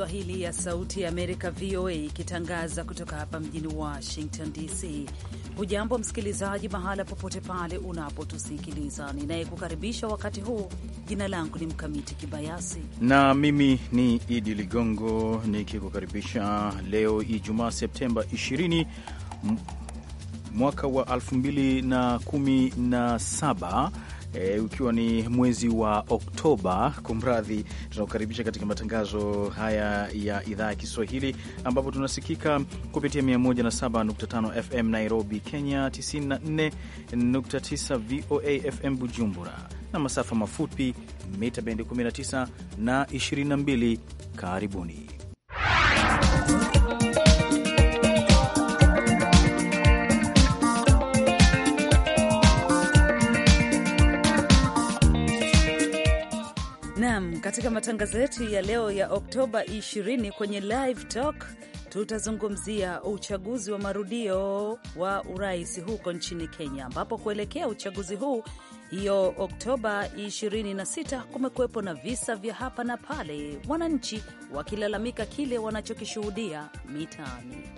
Kiswahili ya Sauti ya Amerika, VOA, ikitangaza kutoka hapa mjini Washington DC. Hujambo msikilizaji, mahala popote pale unapotusikiliza. Ninayekukaribisha wakati huu, jina langu ni Mkamiti Kibayasi na mimi ni Idi Ligongo nikikukaribisha leo Ijumaa Septemba 20 mwaka wa 2017 e, ukiwa ni mwezi wa Oktoba. Kumradhi, tunakukaribisha katika matangazo haya ya idhaa ya Kiswahili ambapo tunasikika kupitia 107.5 FM Nairobi, Kenya, 94.9 VOA FM Bujumbura na masafa mafupi mita bendi 19 na 22. Karibuni. Naam, katika matangazo yetu ya leo ya Oktoba 20 kwenye Live Talk tutazungumzia uchaguzi wa marudio wa urais huko nchini Kenya, ambapo kuelekea uchaguzi huu hiyo Oktoba 26 kumekuwepo na visa vya hapa na pale, wananchi wakilalamika kile wanachokishuhudia mitaani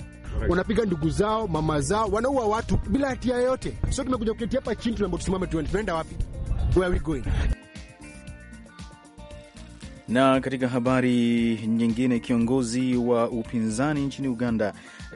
wanapiga ndugu zao, mama zao, wanaua watu bila hatia yoyote. So tumekuja kuketi hapa chini, tunaenda wapi? Where are we going? Na katika habari nyingine, kiongozi wa upinzani nchini Uganda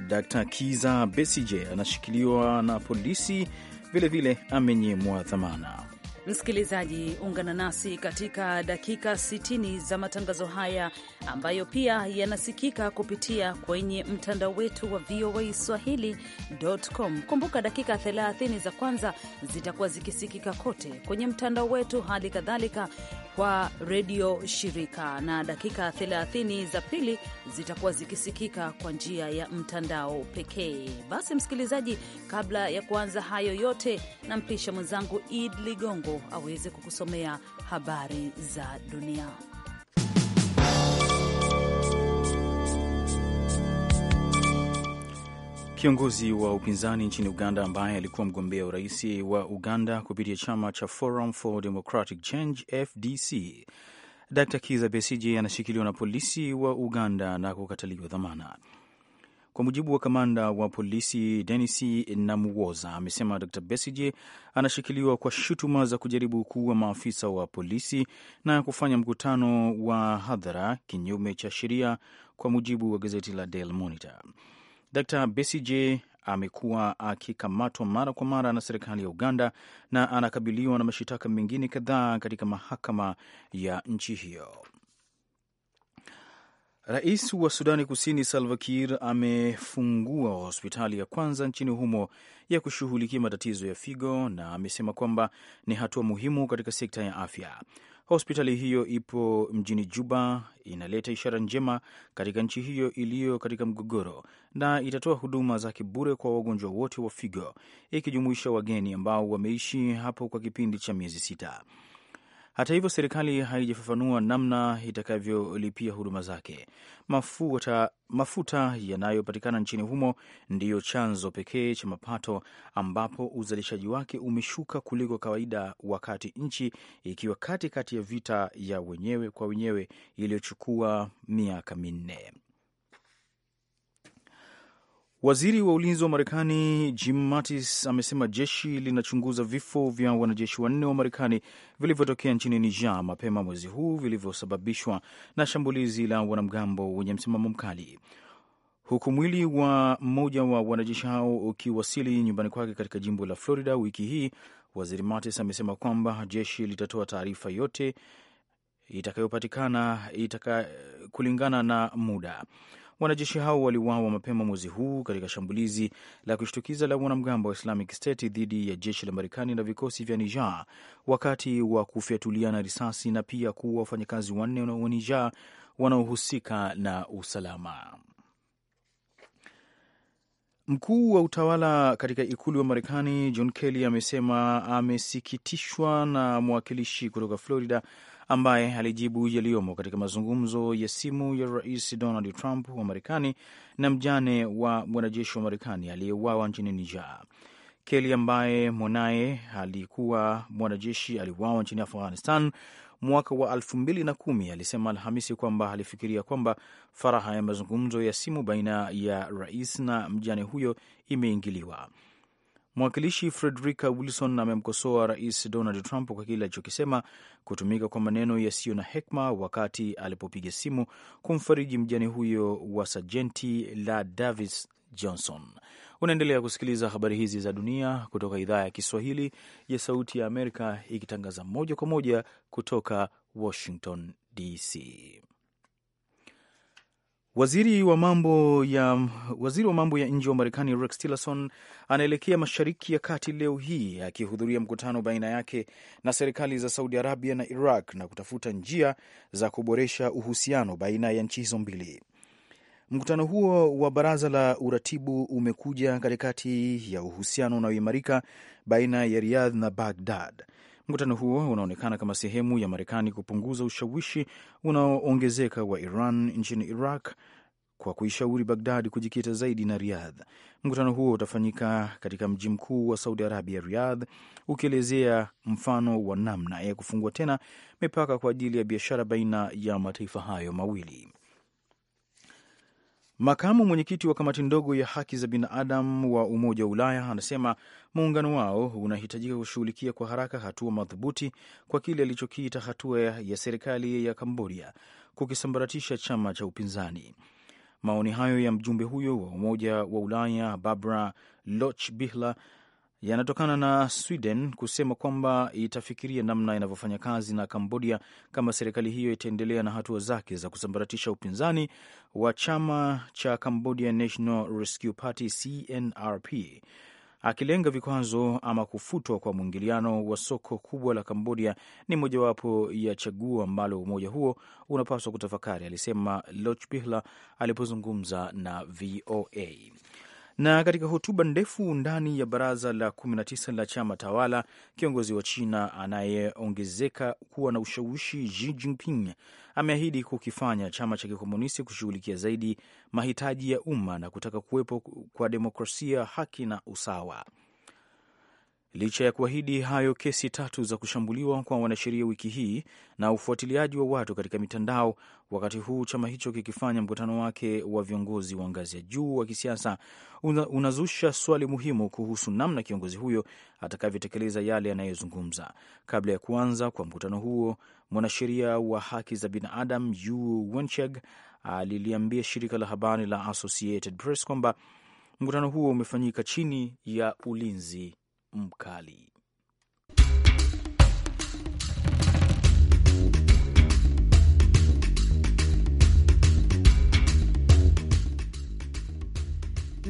Dr. Kiza Besije anashikiliwa na polisi, vilevile amenyimwa dhamana. Msikilizaji, ungana nasi katika dakika 60 za matangazo haya ambayo pia yanasikika kupitia kwenye mtandao wetu wa VOA Swahili.com. Kumbuka, dakika 30 za kwanza zitakuwa zikisikika kote kwenye mtandao wetu, hali kadhalika kwa redio shirika na dakika 30 za pili zitakuwa zikisikika kwa njia ya mtandao pekee. Basi msikilizaji, kabla ya kuanza hayo yote, nampisha mwenzangu Id Ligongo aweze kukusomea habari za dunia. Kiongozi wa upinzani nchini Uganda ambaye alikuwa mgombea urais wa Uganda kupitia chama cha Forum for Democratic Change FDC, Dr. Kiza Besije anashikiliwa na polisi wa Uganda na kukataliwa dhamana. Kwa mujibu wa kamanda wa polisi Denis Namuwoza, amesema Dr. Besije anashikiliwa kwa shutuma za kujaribu kuua maafisa wa polisi na kufanya mkutano wa hadhara kinyume cha sheria, kwa mujibu wa gazeti la Daily Monitor. Dr Besigye amekuwa akikamatwa mara kwa mara na serikali ya Uganda na anakabiliwa na mashitaka mengine kadhaa katika mahakama ya nchi hiyo. Rais wa Sudani Kusini Salva Kiir amefungua hospitali ya kwanza nchini humo ya kushughulikia matatizo ya figo na amesema kwamba ni hatua muhimu katika sekta ya afya. Hospitali hiyo ipo mjini Juba, inaleta ishara njema katika nchi hiyo iliyo katika mgogoro na itatoa huduma zake bure kwa wagonjwa wote wa figo, ikijumuisha wageni ambao wameishi hapo kwa kipindi cha miezi sita. Hata hivyo, serikali haijafafanua namna itakavyolipia huduma zake. Mafuta, mafuta yanayopatikana nchini humo ndiyo chanzo pekee cha mapato ambapo uzalishaji wake umeshuka kuliko kawaida, wakati nchi ikiwa katikati ya vita ya wenyewe kwa wenyewe iliyochukua miaka minne. Waziri wa ulinzi wa Marekani Jim Mattis amesema jeshi linachunguza vifo vya wanajeshi wanne wa Marekani vilivyotokea nchini Niger mapema mwezi huu vilivyosababishwa na shambulizi la wanamgambo wenye msimamo mkali, huku mwili wa mmoja wa wanajeshi hao ukiwasili nyumbani kwake katika jimbo la Florida wiki hii. Waziri Mattis amesema kwamba jeshi litatoa taarifa yote itakayopatikana itaka kulingana na muda. Wanajeshi hao waliuawa mapema mwezi huu katika shambulizi la kushtukiza la wanamgambo wa Islamic State dhidi ya jeshi la Marekani na vikosi vya Niger wakati wa kufyatuliana risasi na pia kuua wafanyakazi wanne wa Niger wanaohusika na usalama. Mkuu wa utawala katika ikulu ya Marekani John Kelly amesema amesikitishwa na mwakilishi kutoka Florida ambaye alijibu yaliyomo katika mazungumzo ya simu ya Rais Donald Trump wa Marekani na mjane wa mwanajeshi wa Marekani aliyeuawa nchini Niger. Keli ambaye mwanaye alikuwa mwanajeshi aliuawa nchini Afghanistan mwaka wa elfu mbili na kumi alisema Alhamisi kwamba alifikiria kwamba faraha ya mazungumzo ya simu baina ya rais na mjane huyo imeingiliwa. Mwakilishi Frederica Wilson amemkosoa Rais Donald Trump kwa kile alichokisema kutumika kwa maneno yasiyo na hekma wakati alipopiga simu kumfariji mjane huyo wa sajenti la Davis Johnson. Unaendelea kusikiliza habari hizi za dunia kutoka idhaa ya Kiswahili ya Sauti ya Amerika, ikitangaza moja kwa moja kutoka Washington DC. Waziri wa mambo ya waziri wa mambo ya nje wa Marekani Rex Tillerson anaelekea Mashariki ya Kati leo hii akihudhuria mkutano baina yake na serikali za Saudi Arabia na Iraq na kutafuta njia za kuboresha uhusiano baina ya nchi hizo mbili. Mkutano huo wa baraza la uratibu umekuja katikati ya uhusiano unaoimarika baina ya Riyadh na Baghdad Mkutano huo unaonekana kama sehemu ya Marekani kupunguza ushawishi unaoongezeka wa Iran nchini Iraq kwa kuishauri Bagdad kujikita zaidi na Riyadh. Mkutano huo utafanyika katika mji mkuu wa Saudi Arabia, Riyadh, ukielezea mfano wa namna ya kufungua tena mipaka kwa ajili ya biashara baina ya mataifa hayo mawili. Makamu mwenyekiti wa kamati ndogo ya haki za binadamu wa Umoja wa Ulaya anasema muungano wao unahitajika kushughulikia kwa haraka hatua madhubuti kwa kile alichokiita hatua ya serikali ya Kambodia kukisambaratisha chama cha upinzani. Maoni hayo ya mjumbe huyo wa Umoja wa Ulaya Barbara Lochbihler yanatokana na Sweden kusema kwamba itafikiria namna inavyofanya kazi na Kambodia kama serikali hiyo itaendelea na hatua zake za kusambaratisha upinzani wa chama cha Cambodia National Rescue Party CNRP, akilenga vikwazo ama kufutwa kwa mwingiliano wa soko kubwa la Kambodia ni mojawapo ya chaguo ambalo umoja huo unapaswa kutafakari, alisema Lochbihla alipozungumza na VOA. Na katika hotuba ndefu ndani ya baraza la 19 la chama tawala, kiongozi wa China anayeongezeka kuwa na ushawishi Xi Jinping ameahidi kukifanya chama cha kikomunisti kushughulikia zaidi mahitaji ya umma na kutaka kuwepo kwa demokrasia, haki na usawa. Licha ya kuahidi hayo, kesi tatu za kushambuliwa kwa wanasheria wiki hii na ufuatiliaji wa watu katika mitandao, wakati huu chama hicho kikifanya mkutano wake wa viongozi wa ngazi ya juu wa kisiasa, una, unazusha swali muhimu kuhusu namna kiongozi huyo atakavyotekeleza yale yanayozungumza. Kabla ya kuanza kwa mkutano huo, mwanasheria wa haki za binadamu Yu Wencheg aliliambia shirika la habari la Associated Press kwamba mkutano huo umefanyika chini ya ulinzi mkali.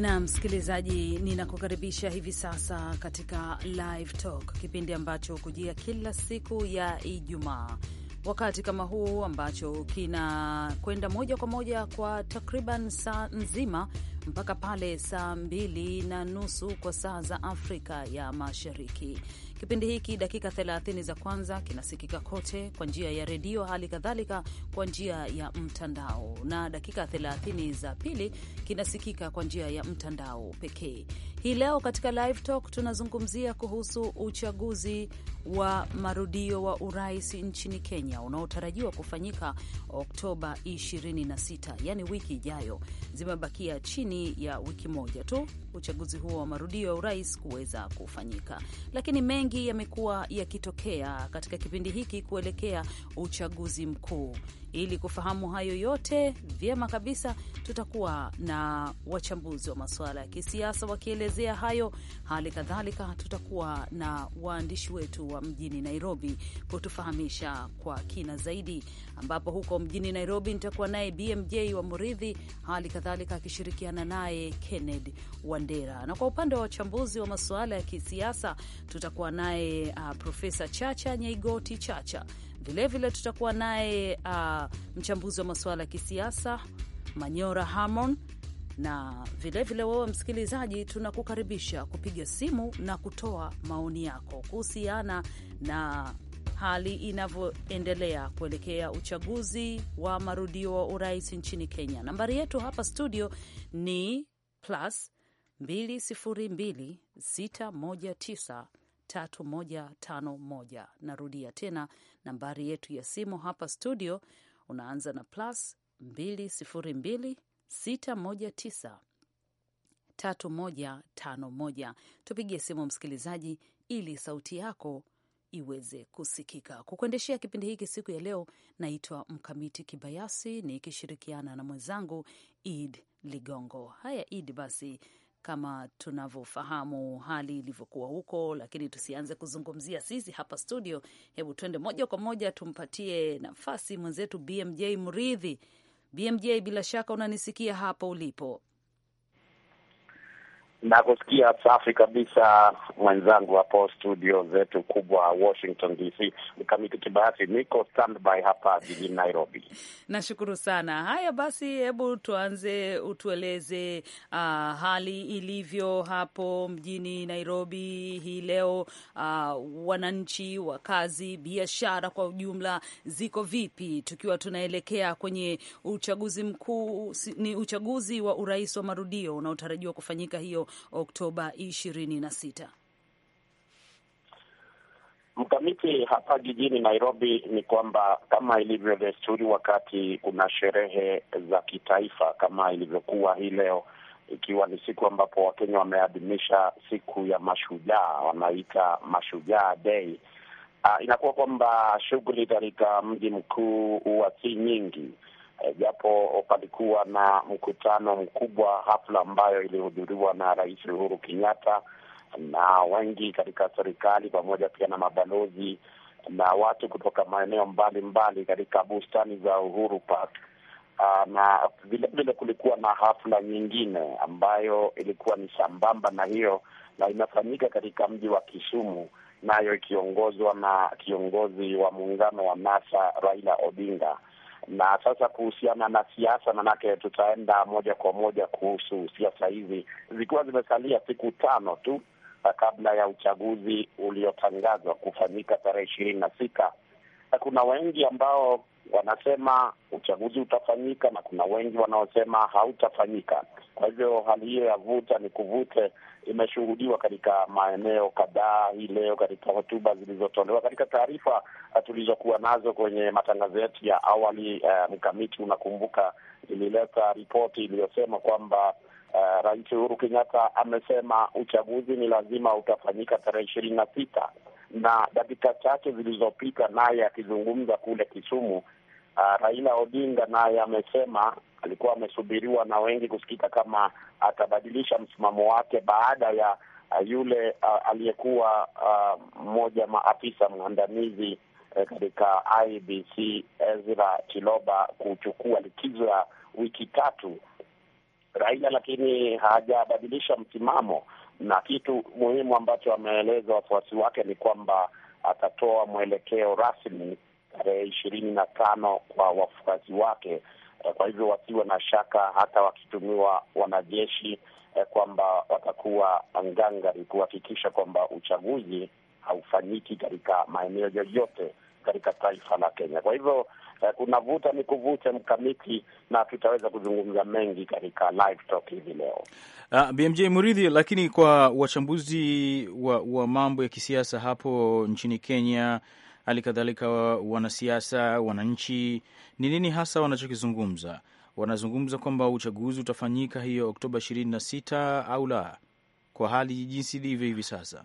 na msikilizaji, ninakukaribisha hivi sasa katika Live Talk, kipindi ambacho hukujia kila siku ya Ijumaa wakati kama huu ambacho kinakwenda moja kwa moja kwa takriban saa nzima mpaka pale saa mbili na nusu kwa saa za Afrika ya Mashariki. Kipindi hiki dakika 30 za kwanza kinasikika kote kwa njia ya redio, hali kadhalika kwa njia ya mtandao, na dakika 30 za pili kinasikika kwa njia ya mtandao pekee. Hii leo katika live talk tunazungumzia kuhusu uchaguzi wa marudio wa urais nchini Kenya unaotarajiwa kufanyika Oktoba 26, yani wiki ijayo. Zimebakia chini ya wiki moja tu uchaguzi huo wa marudio ya urais kuweza kufanyika, lakini mengi yamekuwa yakitokea katika kipindi hiki kuelekea uchaguzi mkuu. Ili kufahamu hayo yote vyema kabisa, tutakuwa na wachambuzi wa masuala ya kisiasa wakielezea hayo. Hali kadhalika, tutakuwa na waandishi wetu wa mjini Nairobi kutufahamisha kwa kina zaidi, ambapo huko mjini Nairobi nitakuwa naye BMJ wa Muridhi, hali kadhalika akishirikiana naye kenned Wandera, na kwa upande wa wachambuzi wa masuala ya kisiasa tutakuwa naye uh, Profesa Chacha Nyaigoti Chacha Vilevile tutakuwa naye uh, mchambuzi wa masuala ya kisiasa Manyora Hamon na vilevile wewe msikilizaji, tunakukaribisha kupiga simu na kutoa maoni yako kuhusiana na hali inavyoendelea kuelekea uchaguzi wa marudio wa urais nchini Kenya. Nambari yetu hapa studio ni plus 2026193151. Narudia tena Nambari yetu ya simu hapa studio unaanza na plus 202 619 Tupigie simu msikilizaji, ili sauti yako iweze kusikika. Kukuendeshea kipindi hiki siku ya leo, naitwa Mkamiti Kibayasi nikishirikiana na mwenzangu Id Ligongo. Haya Id, basi kama tunavyofahamu hali ilivyokuwa huko, lakini tusianze kuzungumzia sisi hapa studio. Hebu tuende moja kwa moja tumpatie nafasi mwenzetu BMJ Mridhi. BMJ, bila shaka unanisikia hapo ulipo? Nakusikia safi kabisa mwenzangu hapo studio zetu kubwa Washington DC. Mkamiti Kibayasi, niko standby hapa jijini Nairobi. Nashukuru sana. Haya basi, hebu tuanze, utueleze uh, hali ilivyo hapo mjini Nairobi hii leo. Uh, wananchi, wakazi, biashara kwa ujumla ziko vipi, tukiwa tunaelekea kwenye uchaguzi mkuu? Ni uchaguzi wa urais wa marudio unaotarajiwa kufanyika hiyo Oktoba 26. Mkamiti hapa jijini Nairobi ni kwamba kama ilivyo desturi, wakati kuna sherehe za kitaifa kama ilivyokuwa hii leo, ikiwa ni siku ambapo Wakenya wameadhimisha siku ya mashujaa, wanaita Mashujaa Day. Uh, inakuwa kwamba shughuli katika mji mkuu huwa si nyingi Eh, japo e, palikuwa na mkutano mkubwa, hafla ambayo ilihudhuriwa na Rais Uhuru Kenyatta na wengi katika serikali pamoja pia na mabalozi na watu kutoka maeneo mbalimbali katika bustani za Uhuru Park. Ah, na vile vile kulikuwa na hafla nyingine ambayo ilikuwa ni sambamba na hiyo, na inafanyika katika mji wa Kisumu, nayo ikiongozwa na kiongozi wa muungano wa NASA Raila Odinga. Na sasa kuhusiana na siasa, manake tutaenda moja kwa moja kuhusu siasa hizi zikiwa zimesalia siku tano tu uh, kabla ya uchaguzi uliotangazwa kufanyika tarehe ishirini na sita. Kuna wengi ambao wanasema uchaguzi utafanyika na kuna wengi wanaosema hautafanyika. Kwa hivyo hali hiyo ya vuta ni kuvute imeshuhudiwa katika maeneo kadhaa hii leo, katika hotuba zilizotolewa, katika taarifa uh, tulizokuwa nazo kwenye matangazo yetu ya awali. Uh, mkamiti unakumbuka, ilileta ripoti iliyosema kwamba uh, Rais Uhuru Kenyatta amesema uchaguzi ni lazima utafanyika tarehe ishirini na sita na dakika chache zilizopita naye akizungumza kule Kisumu Uh, Raila Odinga naye amesema alikuwa amesubiriwa na wengi kusikika kama atabadilisha msimamo wake baada ya uh, yule uh, aliyekuwa mmoja uh, maafisa mwandamizi uh, katika IBC Ezra Chiloba kuchukua likizo ya wiki tatu Raila, lakini hajabadilisha msimamo, na kitu muhimu ambacho ameeleza wafuasi wake ni kwamba atatoa mwelekeo rasmi tarehe ishirini na tano kwa wafuasi wake. Eh, kwa hivyo wasiwe na shaka hata wakitumiwa wanajeshi eh, kwamba watakuwa ngangari kuhakikisha kwamba uchaguzi haufanyiki katika maeneo yoyote katika taifa la Kenya. Kwa hivyo eh, kuna vuta ni kuvute mkamiti, na tutaweza kuzungumza mengi katika live talk hivi leo. Uh, ah, BMJ Muridhi, lakini kwa wachambuzi wa, wa mambo ya kisiasa hapo nchini Kenya hali kadhalika wanasiasa, wananchi, ni nini hasa wanachokizungumza? Wanazungumza kwamba uchaguzi utafanyika hiyo Oktoba ishirini na sita au la, kwa hali jinsi ilivyo hivi sasa.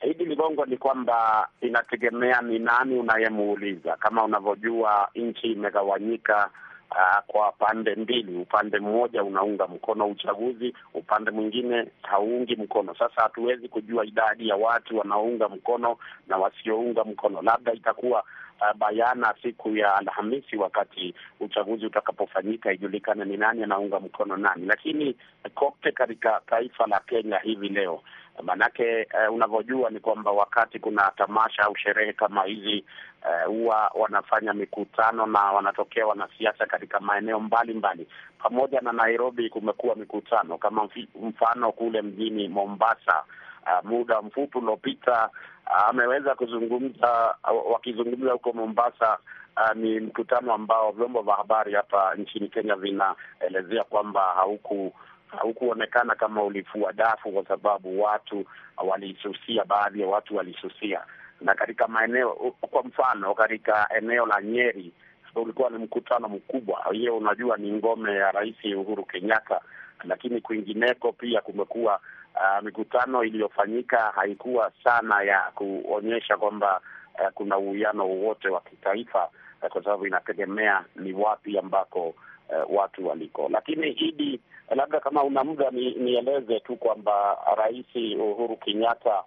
Hili ligongo ni kwamba inategemea ni nani unayemuuliza. Kama unavyojua, nchi imegawanyika uh, kwa pande mbili. Upande mmoja unaunga mkono uchaguzi, upande mwingine hauungi mkono. Sasa hatuwezi kujua idadi ya watu wanaounga mkono na wasiounga mkono, labda itakuwa uh, bayana siku ya Alhamisi wakati uchaguzi utakapofanyika, ijulikane ni nani anaunga mkono nani. Lakini kote katika taifa la Kenya hivi leo manake uh, unavyojua ni kwamba wakati kuna tamasha au sherehe kama hizi Eh, huwa uh, wanafanya mikutano na wanatokea wanasiasa katika maeneo mbalimbali. Pamoja na Nairobi, kumekuwa mikutano kama mfano kule mjini Mombasa. Uh, muda mfupi uliopita eh, ameweza kuzungumza uh, wakizungumza huko Mombasa. Uh, ni mkutano ambao vyombo vya habari hapa nchini Kenya vinaelezea kwamba hauku haukuonekana kama ulifua dafu, kwa sababu watu walisusia, baadhi ya watu walisusia na katika maeneo, kwa mfano katika eneo la Nyeri ulikuwa ni mkutano mkubwa. Hiyo unajua ni ngome ya Rais Uhuru Kenyatta, lakini kwingineko pia kumekuwa uh, mikutano iliyofanyika haikuwa sana ya kuonyesha kwamba uh, kuna uwiano wowote wa kitaifa uh, kwa sababu inategemea ni wapi ambako uh, watu waliko. Lakini Idi, labda kama una muda ni, nieleze tu kwamba Rais Uhuru Kenyatta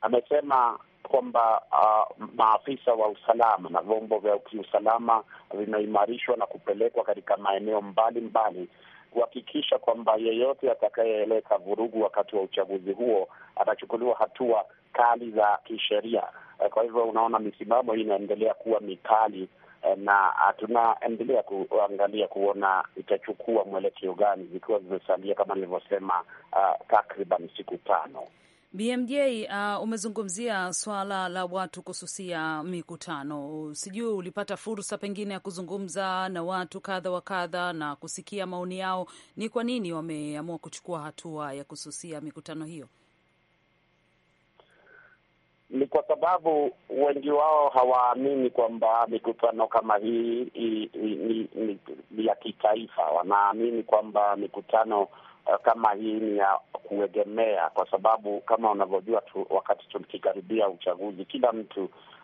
amesema kwamba uh, maafisa wa usalama na vyombo vya kiusalama vimeimarishwa na kupelekwa katika maeneo mbalimbali kuhakikisha kwamba yeyote atakayeeleka vurugu wakati wa uchaguzi huo atachukuliwa hatua kali za kisheria. Eh, kwa hivyo unaona, misimamo hii inaendelea kuwa mikali eh, na tunaendelea kuangalia kuona itachukua mwelekeo gani, zikiwa zimesalia kama nilivyosema, uh, takriban siku tano. BMJ, uh, umezungumzia swala la watu kususia mikutano. Sijui ulipata fursa pengine ya kuzungumza na watu kadha wa kadha na kusikia maoni yao, ni kwa nini wameamua kuchukua hatua ya kususia mikutano hiyo? Ni kwa sababu wengi wao hawaamini kwamba mikutano kama hii ni ya kitaifa. Wanaamini kwamba mikutano Eh, kama hii ni ya kuegemea, kwa sababu kama unavyojua tu, wakati tukikaribia uchaguzi, kila mtu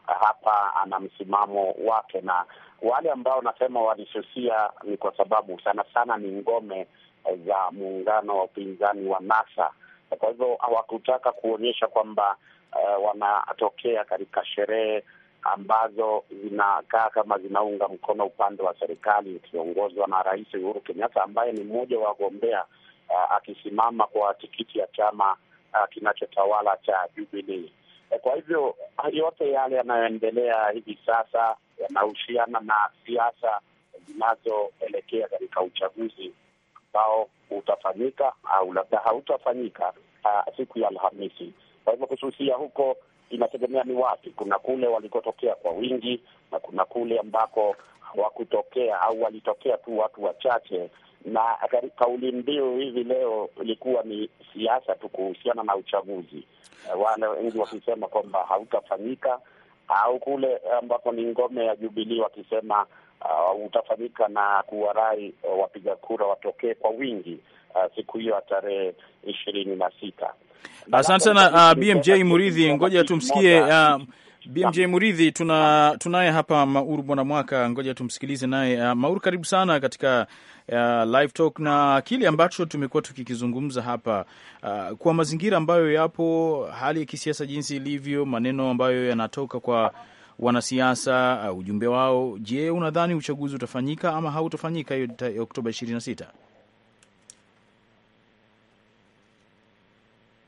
eh, hapa ana msimamo wake, na wale ambao nasema walisusia ni kwa sababu sana sana ni ngome eh, za muungano wa upinzani wa NASA. Kwa hivyo hawakutaka kuonyesha kwamba uh, wanatokea katika sherehe ambazo zinakaa kama zinaunga mkono upande wa serikali ikiongozwa na Rais Uhuru Kenyatta ambaye ni mmoja wa wagombea uh, akisimama kwa tikiti ya chama uh, kinachotawala cha Jubilee. Eh, kwa hivyo yote yale yanayoendelea hivi sasa yanahusiana na siasa zinazoelekea katika uchaguzi ambao utafanyika au labda hautafanyika uh, siku ya Alhamisi. Kwa hivyo kususia huko inategemea ni wapi. Kuna kule walikotokea kwa wingi na kuna kule ambako hawakutokea au walitokea tu watu wachache, na kauli mbiu hivi leo ilikuwa ni siasa tu kuhusiana na uchaguzi, eh, wale wengi wakisema kwamba hautafanyika au kule ambapo ni ngome ya Jubilii wakisema uh, utafanyika na kuwarai uh, wapiga kura watokee kwa wingi uh, siku hiyo ya tarehe ishirini na sita. Asante sana ah, BMJ Muridhi, ngoja tumsikie uh, BMJ Muridhi, tuna tunaye hapa Mauru Bwana Mwaka, ngoja tumsikilize naye. Uh, Mauru, karibu sana katika uh, live talk na kile ambacho tumekuwa tukikizungumza hapa uh, kwa mazingira ambayo yapo, hali ya kisiasa jinsi ilivyo, maneno ambayo yanatoka kwa wanasiasa uh, ujumbe wao. Je, unadhani uchaguzi utafanyika ama hautafanyika hiyo Oktoba ishirini na sita?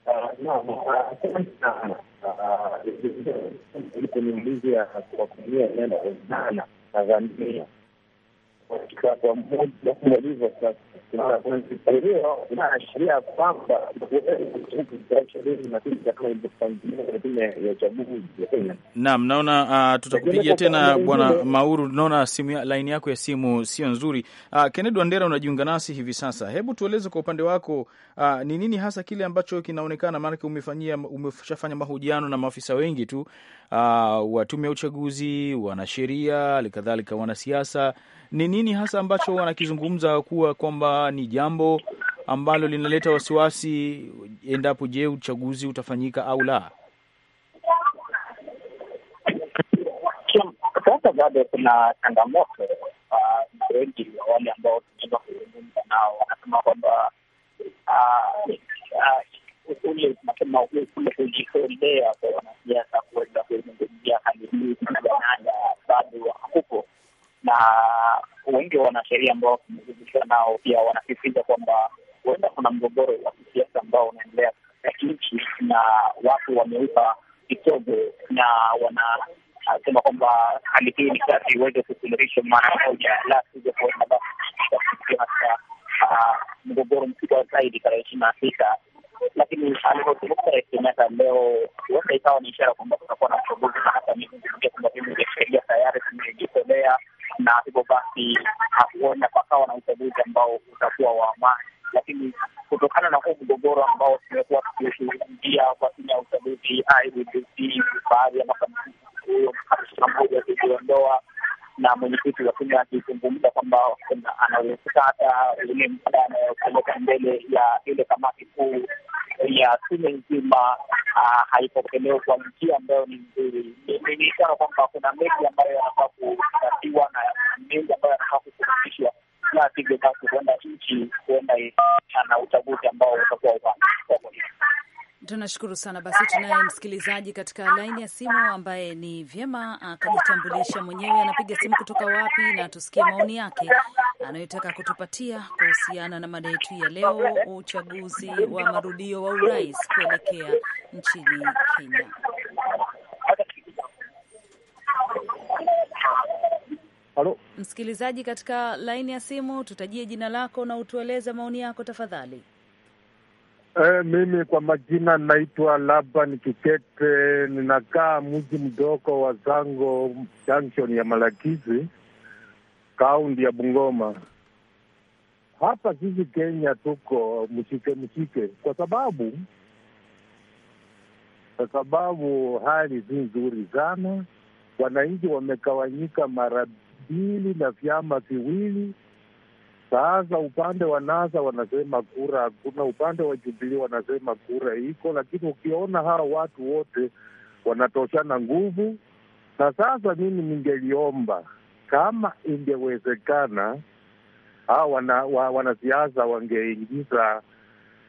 Uh, no, no, uh, uliponiulizia kwa kutumia neno dhana nadhania katika pamoja kumaliza sasa ya uchaguzi. Naam, naona uh, tutakupigia tena Bwana Mauru, naona simu laini yako ya simu sio nzuri. Uh, Kennedy Wandera, unajiunga nasi hivi sasa, hebu tueleze kwa upande wako uh, ni nini hasa kile ambacho kinaonekana, maanake umefanyia umeshafanya mahojiano na maafisa wengi tu wa tume ya uchaguzi, wanasheria, halikadhalika wanasiasa ni nini hasa ambacho wanakizungumza kuwa kwamba ni jambo ambalo linaleta wasiwasi endapo, je, uchaguzi utafanyika au la? Sasa bado kuna changamoto uh, wengi wa wale ambao tunaweza kuzungumza nao wanasema kwamba uh, uh, ule tunasema kule kujitolea kwa wanasiasa kuweza kuzungumzia hali hii bado hakupo na wengi wa wanasheria ambao tumezungumza nao pia wanasisitiza kwamba huenda kuna mgogoro wa kisiasa ambao unaendelea katika nchi na watu wameupa kitogo na wanasema kwamba hali hii ni kazi iweze kusuluhishwa mara moja, la sivyo kuenda basi ah, mgogoro mkubwa zaidi tarehe ishirini na sita. Lakini alivyozungumza Rais Kenyatta leo, huenda ikawa ni ishara kwamba kutakuwa na uchaguzi, na hata mizungumzia kwamba vyombo vya sheria tayari vimejitolea na hivyo basi hakuona pakawa na uchaguzi ambao utakuwa wa amani, lakini kutokana na huu mgogoro ambao tumekuwa tukishuhudia kwa tume ya uchaguzi IEBC, baadhi ya makamishna huyo mmoja kujiondoa na mwenyekiti wa tume akizungumza kwamba anausikata ule mada anayopeleka mbele ya ile kamati kuu ya tume nzima ah, haipokelewa kwa njia ambayo ni nzuri. Ni ishara kwamba kuna mengi ambayo yanafaa kutatiwa na mengi ambayo yanafaa kusuruhishwa, na sivyo basi huenda nchi huenda na uchaguzi ambao utakuwa ubaya. Tunashukuru sana basi. Tunaye msikilizaji katika laini ya simu ambaye ni vyema akajitambulisha mwenyewe, anapiga simu kutoka wapi, na tusikie maoni yake anayotaka kutupatia kuhusiana na mada yetu ya leo, uchaguzi wa marudio wa urais kuelekea nchini Kenya. Halo msikilizaji katika laini ya simu, tutajie jina lako na utueleze maoni yako tafadhali. Eh, mimi kwa majina naitwa Laban Kikete, ninakaa mji mdogo wa Zango junction ya Malakizi, kaunti ya Bungoma. Hapa sisi Kenya tuko mshike mshike, kwa sababu kwa sababu hali si nzuri sana, wananchi wamegawanyika mara mbili na vyama viwili sasa upande wa NASA wanasema kura hakuna, upande wa Jubilee wanasema kura iko, lakini ukiona hawa watu wote wanatoshana nguvu. Na sasa mimi ningeliomba kama ingewezekana, hawa wana, wa, wanasiasa wangeingiza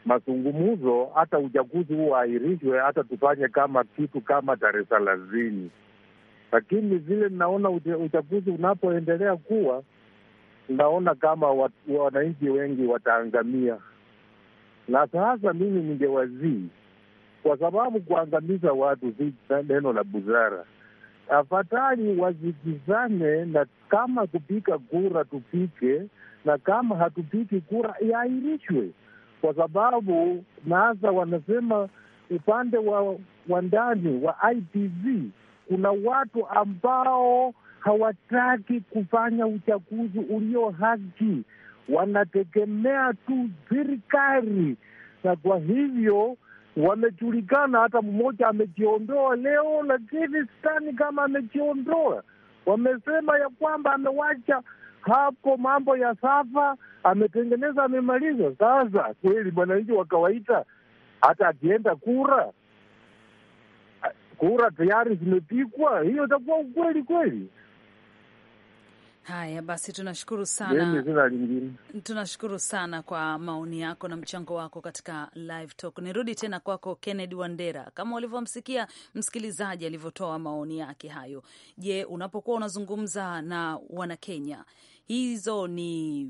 mazungumuzo, hata uchaguzi huo airishwe, hata tufanye kama kitu kama tarehe thelathini, lakini vile naona uchaguzi unapoendelea kuwa naona kama wananchi wengi wataangamia, na sasa mimi ningewazii, kwa sababu kuangamiza watu si neno la busara. Afadhali wazikizane na kama kupiga kura tupike, na kama hatupiki kura iahirishwe, kwa sababu NASA wanasema upande wa ndani wa ipv kuna watu ambao hawataki kufanya uchaguzi ulio haki, wanategemea tu serikali, na kwa hivyo wamejulikana. Hata mmoja amejiondoa leo, lakini sidhani kama amejiondoa. Wamesema ya kwamba amewacha hapo mambo ya safa, ametengeneza, amemaliza. Sasa kweli mwananchi wa kawaida hata akienda kura, kura tayari zimepigwa, hiyo itakuwa ukweli kweli? Haya basi, tunashukuru sana tunashukuru sana kwa maoni yako na mchango wako katika live talk. Nirudi tena kwako Kennedy Wandera, kama ulivyomsikia msikilizaji alivyotoa maoni yake hayo. Je, unapokuwa unazungumza na Wanakenya, hizo ni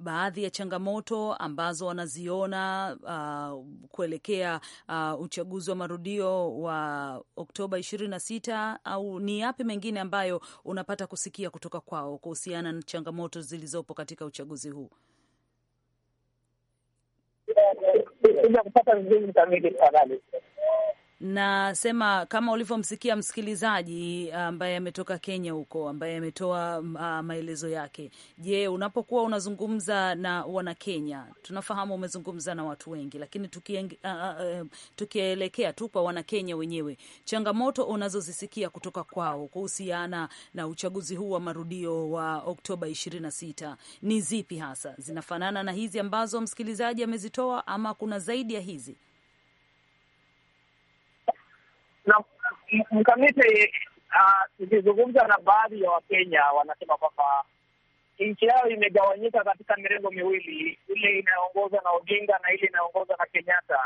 baadhi ya changamoto ambazo wanaziona uh, kuelekea uh, uchaguzi wa marudio wa Oktoba 26 au ni yapi mengine ambayo unapata kusikia kutoka kwao kuhusiana na changamoto zilizopo katika uchaguzi huu? Nasema kama ulivyomsikia msikilizaji eh, ambaye ametoka Kenya huko ambaye ametoa ah, maelezo yake. Je, unapokuwa unazungumza na Wanakenya, tunafahamu umezungumza na watu wengi, lakini eh, eh, tukielekea tu kwa Wanakenya wenyewe, changamoto unazozisikia kutoka kwao kuhusiana na uchaguzi huu wa marudio wa Oktoba 26 ni zipi hasa? Zinafanana na hizi ambazo msikilizaji amezitoa ama kuna zaidi ya hizi? na mkamiti, ah, tukizungumza uh, na baadhi ya Wakenya wanasema kwamba nchi yao imegawanyika katika mirengo miwili, ile inayoongozwa na Odinga na ile inayoongozwa na Kenyatta,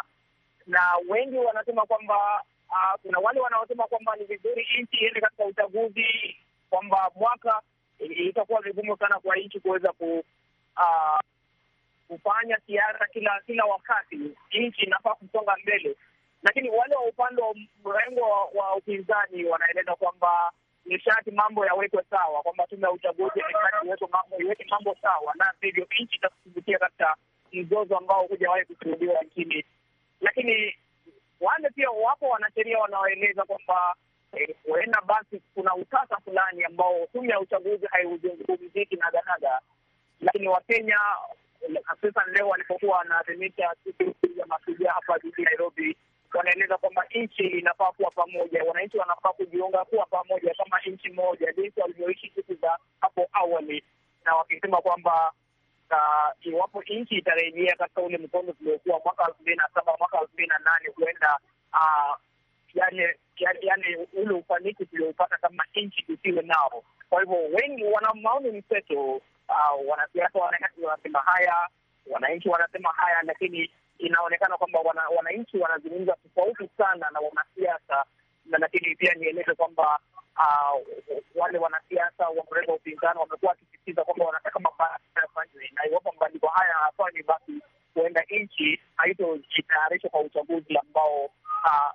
na wengi wanasema kwamba uh, kuna wale wanaosema kwamba ni vizuri nchi iende katika uchaguzi, kwamba mwaka itakuwa vigumu sana kwa nchi kuweza ku uh, kufanya siasa kila kila wakati. Nchi inafaa kusonga mbele, lakini wale wa upande wa mrengo wa upinzani wanaeleza kwamba ni sharti mambo yawekwe sawa, kwamba tume ya uchaguzi iweke mambo sawa, na sivyo nchi itakutumbukia katika mzozo ambao hujawahi kushuhudiwa nchini. Lakini wale pia wapo wanasheria wanaoeleza kwamba eh, huenda e, basi kuna utata fulani ambao tume ya uchaguzi haizungumziki naganaga. Lakini Wakenya eh, hususan leo walipokuwa wanaadhimisha siku ya mashujaa hapa jijini Nairobi wanaeleza kwamba nchi inafaa kuwa pamoja, wananchi wanafaa kujiunga kuwa pamoja kama nchi moja, jinsi walivyoishi siku za hapo awali, na wakisema kwamba uh, iwapo nchi itarejea katika ule mkondo tuliokuwa mwaka elfu mbili na saba mwaka elfu mbili na nane huenda uh, yale yaani ule ufanisi tulioupata kama nchi tusiwe nao. Kwa hivyo wengi wana maoni mseto, uh, wanasiasa wanasema haya, wananchi wanasema haya, lakini inaonekana kwamba wananchi wana wanazungumza tofauti sana na wanasiasa, na lakini pia nieleze kwamba uh, wale wanasiasa wa mrengo wa upinzani wamekuwa wakisisitiza kwamba wanataka mabadiliko yafanywe, na iwapo mabadiliko haya hayafanywi, basi huenda nchi haitojitayarisha kwa uchaguzi ambao ah,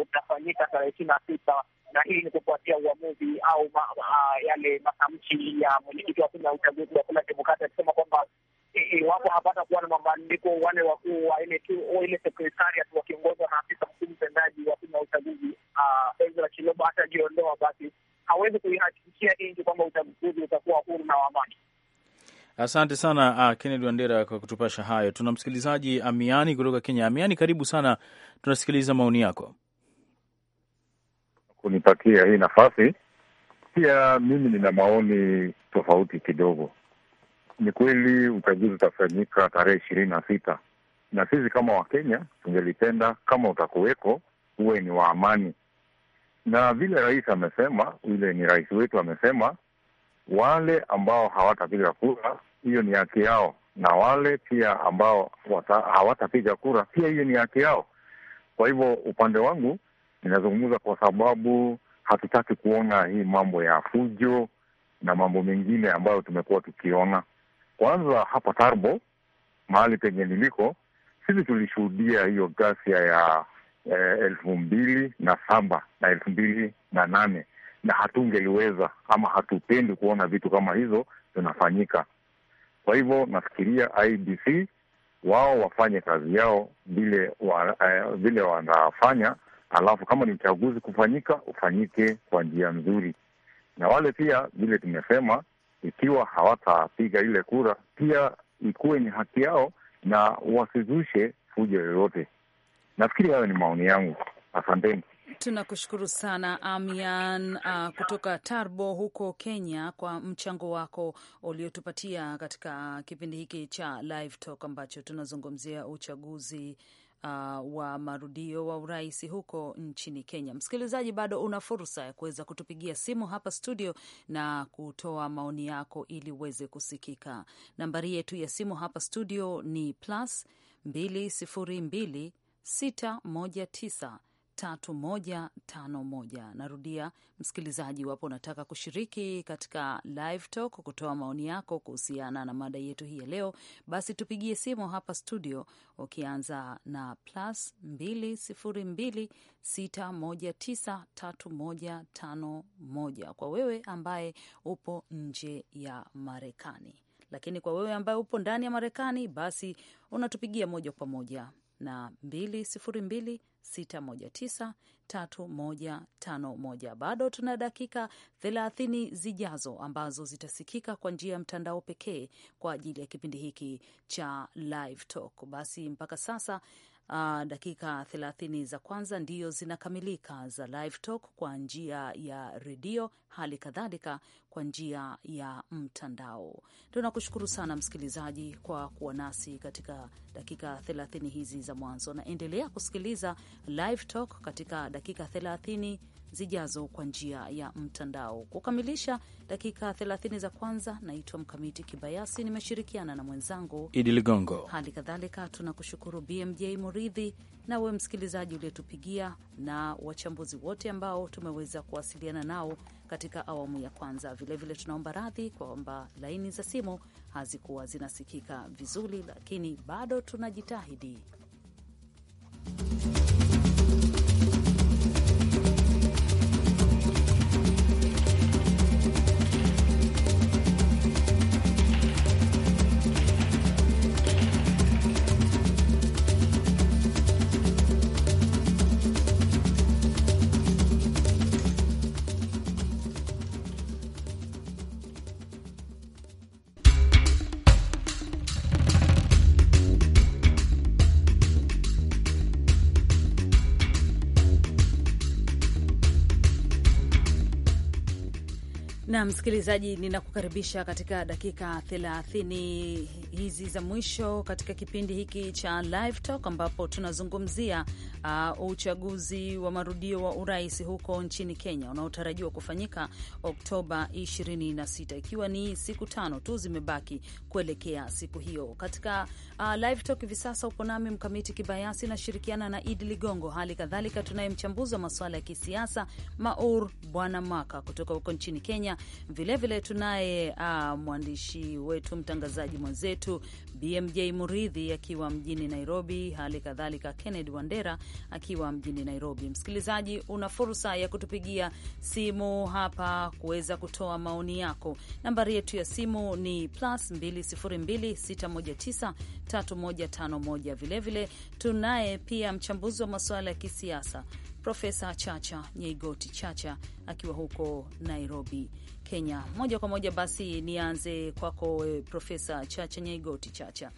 utafanyika tarehe ishirini na sita na hii ni kufuatia uamuzi au ma, uh, yale matamshi ya mwenyekiti wa tume ya uchaguzi wa Demokrati akisema kwamba iwapo hapata kuwa na mabadiliko, wale wakuu wa ile ile sekretariat wakiongozwa na afisa mkuu mtendaji wa tume ya uchaguzi ah, Ezra Chiloba hatajiondoa, basi hawezi kuihakikishia nchi kwamba uchaguzi utakuwa huru na wa amani. Asante sana uh, Kennedy Wandera kwa kutupasha hayo. Tuna msikilizaji Amiani kutoka Kenya. Amiani, karibu sana, tunasikiliza maoni yako. Kunipatia hii nafasi pia, mimi nina maoni tofauti kidogo ni kweli uchaguzi utafanyika tarehe ishirini na sita na sisi kama Wakenya tungelipenda kama utakuweko huwe ni wa amani, na vile rais amesema, ile ni rais wetu amesema, wale ambao hawatapiga kura hiyo ni haki yao, na wale pia ambao hawatapiga kura pia hiyo ni haki yao. Kwa hivyo upande wangu ninazungumza kwa sababu hatutaki kuona hii mambo ya fujo na mambo mengine ambayo tumekuwa tukiona kwanza hapa Tarbo, mahali penye niliko sisi, tulishuhudia hiyo ghasia ya eh, elfu mbili na saba na elfu mbili na nane na hatungeliweza ama hatupendi kuona vitu kama hizo zinafanyika. Kwa hivyo nafikiria IBC wao wafanye kazi yao vile wa, eh, vile wanafanya, alafu kama ni uchaguzi kufanyika ufanyike kwa njia nzuri, na wale pia vile tumesema ikiwa hawatapiga ile kura, pia ikuwe ni haki yao na wasizushe fujo yoyote. Nafikiri hayo ni maoni yangu, asanteni. Tunakushukuru sana Amian uh, kutoka Tarbo huko Kenya kwa mchango wako uliotupatia katika kipindi hiki cha Live Talk ambacho tunazungumzia uchaguzi uh, wa marudio wa urais huko nchini Kenya. Msikilizaji, bado una fursa ya kuweza kutupigia simu hapa studio na kutoa maoni yako ili uweze kusikika. Nambari yetu ya simu hapa studio ni plus 202 619 3151. Narudia msikilizaji, wapo unataka kushiriki katika live talk, kutoa maoni yako kuhusiana na mada yetu hii ya leo, basi tupigie simu hapa studio, ukianza na plus 2026193151 kwa wewe ambaye upo nje ya Marekani. Lakini kwa wewe ambaye upo ndani ya Marekani, basi unatupigia moja kwa moja na 202 619 Bado tuna dakika 30 zijazo ambazo zitasikika kwa njia ya mtandao pekee kwa ajili ya kipindi hiki cha Live Talk. Basi mpaka sasa uh, dakika thelathini za kwanza ndiyo zinakamilika za live talk kwa njia ya redio, hali kadhalika kwa njia ya mtandao. Tunakushukuru sana msikilizaji kwa kuwa nasi katika dakika thelathini hizi za mwanzo, na endelea kusikiliza live talk katika dakika thelathini zijazo kwa njia ya mtandao. Kukamilisha dakika 30 za kwanza, naitwa Mkamiti Kibayasi, nimeshirikiana na mwenzangu Idi Ligongo. Hali kadhalika tunakushukuru BMJ Muridhi nawe msikilizaji uliyetupigia na wachambuzi wote ambao tumeweza kuwasiliana nao katika awamu ya kwanza. Vilevile tunaomba radhi kwamba laini za simu hazikuwa zinasikika vizuri, lakini bado tunajitahidi. na msikilizaji, ninakukaribisha katika dakika hizi za mwisho katika kipindi hiki cha Live Talk ambapo tunazungumzia uh, uchaguzi wa marudio wa urais huko nchini Kenya unaotarajiwa kufanyika Oktoba 26 ikiwa ni siku tano tu zimebaki kuelekea siku hiyo. Katika uh, Live Talk hivi sasa upo nami Mkamiti Kibayasi nashirikiana na Idi Ligongo, hali kadhalika tunaye mchambuzi wa masuala ya kisiasa Maur Bwana Maka kutoka huko nchini Kenya. Vilevile tunaye uh, mwandishi wetu mtangazaji mwenzetu wetu BMJ Muridhi akiwa mjini Nairobi, hali kadhalika Kennedy Wandera akiwa mjini Nairobi. Msikilizaji, una fursa ya kutupigia simu hapa kuweza kutoa maoni yako. Nambari yetu ya simu ni plus 2026193151. Vilevile tunaye pia mchambuzi wa masuala ya kisiasa Profesa Chacha Nyeigoti Chacha akiwa huko Nairobi. Kenya. Moja kwa moja basi nianze kwako wewe eh, Profesa Chacha Nyaigoti Chacha.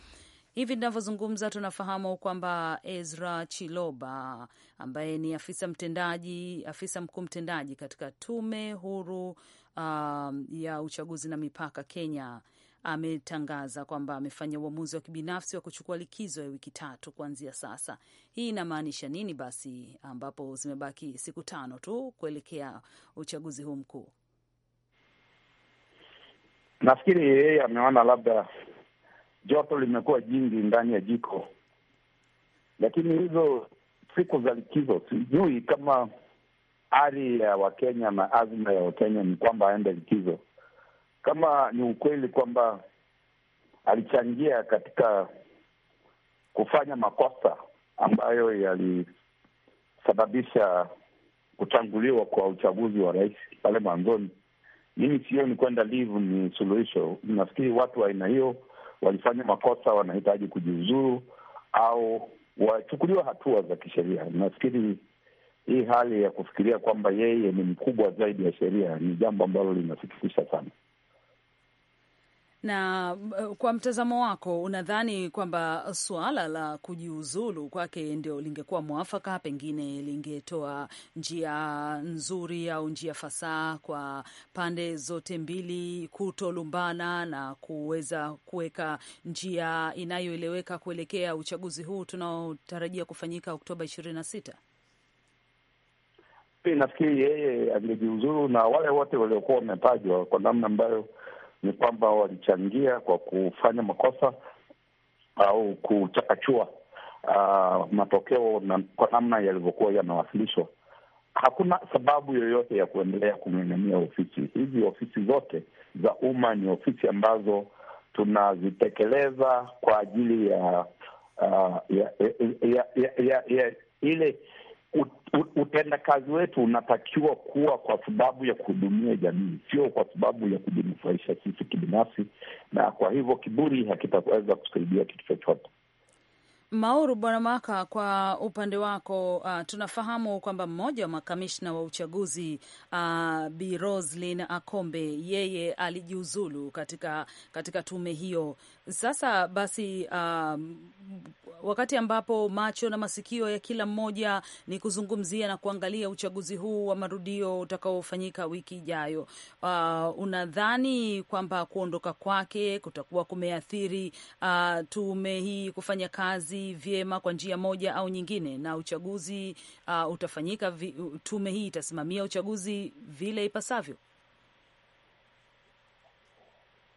Hivi ninavyozungumza tunafahamu kwamba Ezra Chiloba ambaye ni afisa mtendaji, afisa mkuu mtendaji katika tume huru uh, ya uchaguzi na mipaka Kenya ametangaza kwamba amefanya uamuzi wa kibinafsi wa kuchukua likizo ya wiki tatu kuanzia sasa. Hii inamaanisha nini basi, ambapo zimebaki siku tano tu kuelekea uchaguzi huu mkuu? Nafikiri yeye ameona labda joto limekuwa jingi ndani ya jiko, lakini hizo siku za likizo, sijui kama ari ya Wakenya na azma ya Wakenya ni kwamba aende likizo, kama ni ukweli kwamba alichangia katika kufanya makosa ambayo yalisababisha kutanguliwa kwa uchaguzi wa rais pale mwanzoni mimi sioni kwenda livu ni suluhisho. Nafikiri watu wa aina hiyo walifanya makosa, wanahitaji kujiuzuru au wachukuliwa hatua za kisheria. Nafikiri hii hali ya kufikiria kwamba yeye ni mkubwa zaidi ya sheria ni jambo ambalo linasikitisha sana. Na eh, kwa mtazamo wako, unadhani kwamba suala la kujiuzulu kwake ndio lingekuwa mwafaka, pengine lingetoa njia nzuri au njia fasaha kwa pande zote mbili kutolumbana na kuweza kuweka njia inayoeleweka kuelekea uchaguzi huu tunaotarajia kufanyika Oktoba ishirini na sita? Nafikiri yeye angejiuzuru na wale wote waliokuwa wametajwa kwa namna ambayo ni kwamba walichangia kwa kufanya makosa au kuchakachua uh, matokeo na kwa namna yalivyokuwa yamewasilishwa. Hakuna sababu yoyote ya kuendelea kung'ang'ania ofisi hizi. Ofisi zote za umma ni ofisi ambazo tunazitekeleza kwa ajili ya, uh, ya, ya, ya, ya, ya, ya ile utendakazi wetu unatakiwa kuwa kwa sababu ya kuhudumia jamii, sio kwa sababu ya kujinufaisha sisi kibinafsi, na kwa hivyo kiburi hakitaweza kusaidia kitu chochote. Mauru Bwana Maka, kwa upande wako uh, tunafahamu kwamba mmoja wa makamishna wa uchaguzi uh, Bi Roslin Akombe yeye alijiuzulu katika, katika tume hiyo. Sasa basi uh, wakati ambapo macho na masikio ya kila mmoja ni kuzungumzia na kuangalia uchaguzi huu wa marudio utakaofanyika wiki ijayo, uh, unadhani kwamba kuondoka kwake kutakuwa kumeathiri uh, tume hii kufanya kazi vyema kwa njia moja au nyingine, na uchaguzi uh, utafanyika vi, tume hii itasimamia uchaguzi vile ipasavyo.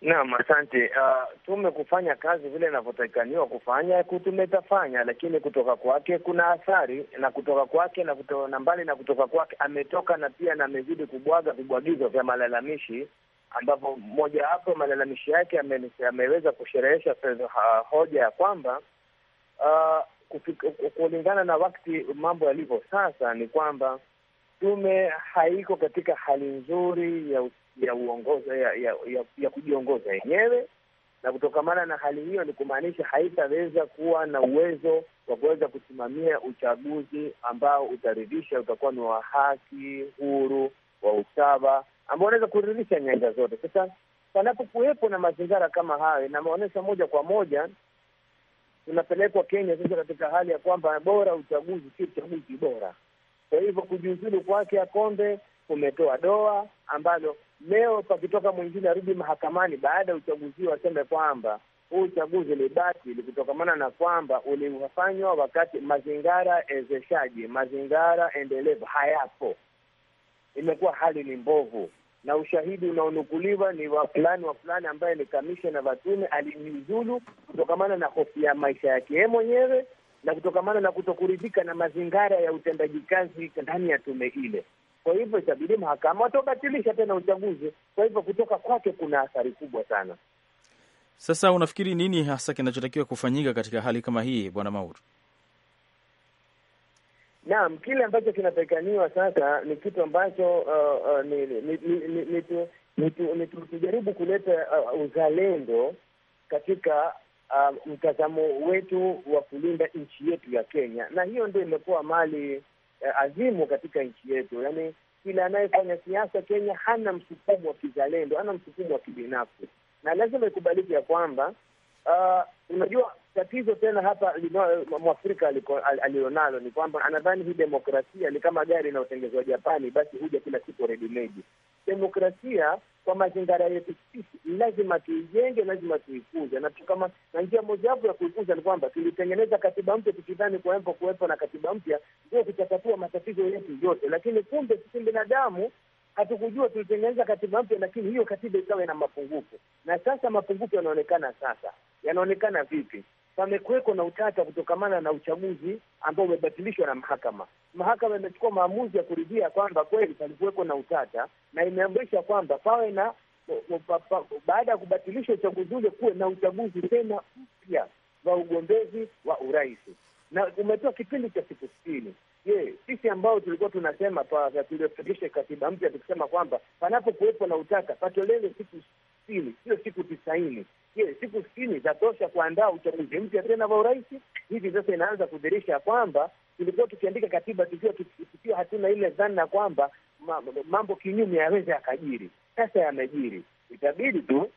Naam, asante. Uh, tume kufanya kazi vile inavyotakikaniwa kufanya, tume itafanya, lakini kutoka kwake kuna athari na kutoka kwake na, kuto, na mbali na kutoka kwake ametoka na pia na amezidi kubwaga vibwagizo vya malalamishi ambapo mojawapo malalamishi yake ame, ameweza kusherehesha uh, hoja ya kwamba uh, kulingana na wakati mambo yalivyo sasa ni kwamba tume haiko katika hali nzuri ya ya uongoza, ya, ya, ya, ya kujiongoza yenyewe, na kutokamana na hali hiyo ni kumaanisha haitaweza kuwa na uwezo wa kuweza kusimamia uchaguzi ambao utaridhisha, utakuwa ni wa haki, huru, wa usawa, ambao unaweza kuridhisha nyanja zote. Sasa panapokuwepo na mazingira kama hayo, inamaonyesha moja kwa moja tunapelekwa Kenya sasa katika hali ya kwamba bora uchaguzi si uchaguzi bora. Kwa hivyo kujiuzulu kwake Akonde kumetoa doa ambalo leo pakitoka mwingine arudi mahakamani baada ya uchaguzi waseme kwamba huu uchaguzi ni batili kutokamana na kwamba ulifanywa wakati mazingara ezeshaji, mazingara endelevu hayapo. Imekuwa hali ni mbovu na ushahidi unaonukuliwa ni wa fulani wa fulani ambaye ni kamishna wa tume alinizulu kutokamana na hofu ya maisha yake yeye mwenyewe na kutokamana na kutokuridhika na mazingara ya utendaji kazi ndani ya tume ile. Kwa hivyo itabidi mahakama watobatilisha tena uchaguzi. Kwa hivyo kutoka kwake kuna athari kubwa sana. Sasa unafikiri nini hasa kinachotakiwa kufanyika katika hali kama hii, Bwana Mauru? Naam, kile ambacho kinapekaniwa sasa ni kitu ambacho tujaribu kuleta uh, uzalendo katika uh, mtazamo wetu wa kulinda nchi yetu ya Kenya, na hiyo ndio imekuwa mali uh, azimu katika nchi yetu. Yaani kila anayefanya siasa Kenya hana msukumo wa kizalendo, hana msukumo wa kibinafsi, na lazima ikubaliki ya kwamba uh, Unajua, tatizo tena hapa mwafrika alilonalo ni kwamba anadhani hii demokrasia ni kama gari inayotengezwa Japani, basi huja kila siku ready made. Demokrasia kwa mazingira yetu sisi lazima tuijenge, lazima tuikuze, na tukama na njia mojawapo ya kuikuza ni kwamba tulitengeneza katiba mpya tukidhani kuwepo kuwepo na katiba mpya ndio tutatatua matatizo yetu yote, lakini kumbe sisi binadamu hatukujua tulitengeneza katiba mpya, lakini hiyo katiba ikawa ina mapungufu, na sasa mapungufu yanaonekana. Sasa yanaonekana vipi? Pamekuweko na utata kutokamana na uchaguzi ambao umebatilishwa na mahakama. Mahakama imechukua maamuzi ya kuridhia kwamba kweli palikuweko na utata, na imeamrisha kwamba pawe na baada ya kubatilisha uchaguzi ule, kuwe na uchaguzi tena mpya wa ugombezi wa urais, na umetoa kipindi cha siku sitini. Je, sisi ambao tulikuwa tunasema tuliopitisha katiba mpya tukisema kwamba panapokuwepo na utata patolewe siku sitini, sio siku tisaini. Je, siku sitini zatosha kuandaa uchaguzi mpya tena wa urais? Hivi sasa inaanza kudhirisha kwamba tulikuwa tukiandika katiba tukiwa tukiwa hatuna ile dhana kwamba mambo kinyume yaweze yakajiri. Sasa yamejiri, itabidi tu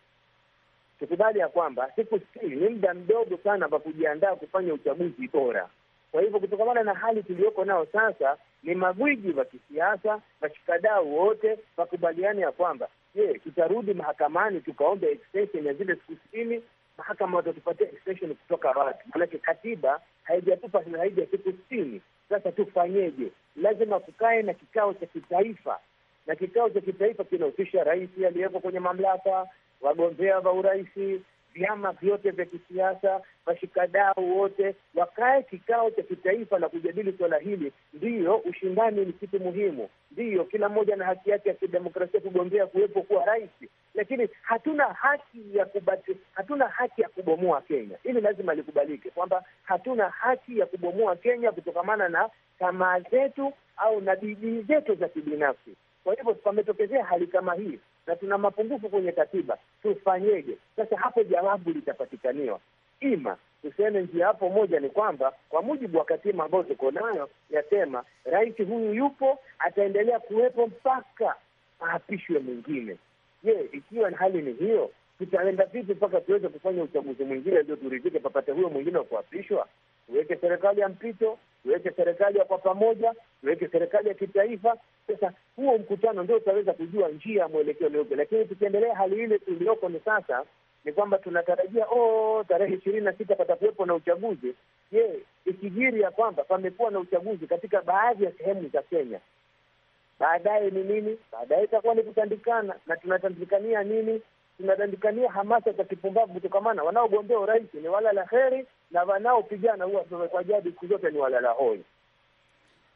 tukubali ya kwamba siku sitini ni muda mdogo sana wa kujiandaa kufanya uchaguzi bora. Kwa hivyo kutokamana na hali tuliyoko nao sasa, ni magwiji wa kisiasa, washikadau wote wakubaliane ya kwamba je, tutarudi mahakamani tukaombe extension ya zile siku sitini? Mahakama watatupatia extension kutoka wapi? Maanake katiba haijatupa zaidi ya siku sitini. Sasa tufanyeje? Lazima kukae na kikao cha kitaifa, na kikao cha kitaifa kinahusisha rais aliyeko kwenye mamlaka, wagombea wa urais vyama vyote vya kisiasa, washikadau wote wakae kikao cha kitaifa la kujadili swala hili. Ndiyo, ushindani ni kitu muhimu, ndiyo, kila mmoja na haki yake ya kidemokrasia kugombea kuwepo kuwa rais, lakini hatuna haki ya kubati, hatuna haki ya kubomoa Kenya. Hili lazima likubalike kwamba hatuna haki ya kubomoa Kenya kutokamana na tamaa zetu au na bidii zetu za kibinafsi. Kwa hivyo pametokezea hali kama hii na tuna mapungufu kwenye katiba, tufanyeje? Sasa hapo jawabu litapatikaniwa, ima tuseme njia hapo moja ni kwamba kwa mujibu wa katiba ambayo tuko nayo yasema rais huyu yupo, ataendelea kuwepo mpaka aapishwe mwingine. Je, ikiwa hali ni hiyo, tutaenda vipi mpaka tuweze kufanya uchaguzi mwingine ndio turidhike, papate huyo mwingine wa kuapishwa? tuweke serikali ya mpito, tuweke serikali ya kwa pamoja, tuweke serikali ya kitaifa. Sasa huo mkutano ndio utaweza kujua njia ya mwelekeo uliopo, lakini tukiendelea hali ile tuliyoko ni sasa ni kwamba tunatarajia oh, tarehe ishirini na sita patakuwepo na uchaguzi. Je, ikijiri ya kwamba pamekuwa na uchaguzi katika baadhi ya sehemu za Kenya, baadaye ni nini? Baadaye itakuwa ni kutandikana, na tunatandikania nini? tunadandikania hamasa za kipumbavu kutokamana, wanaogombea urais ni wala la heri na wanaopigana huwa kwa jadi siku zote ni wala la hoi.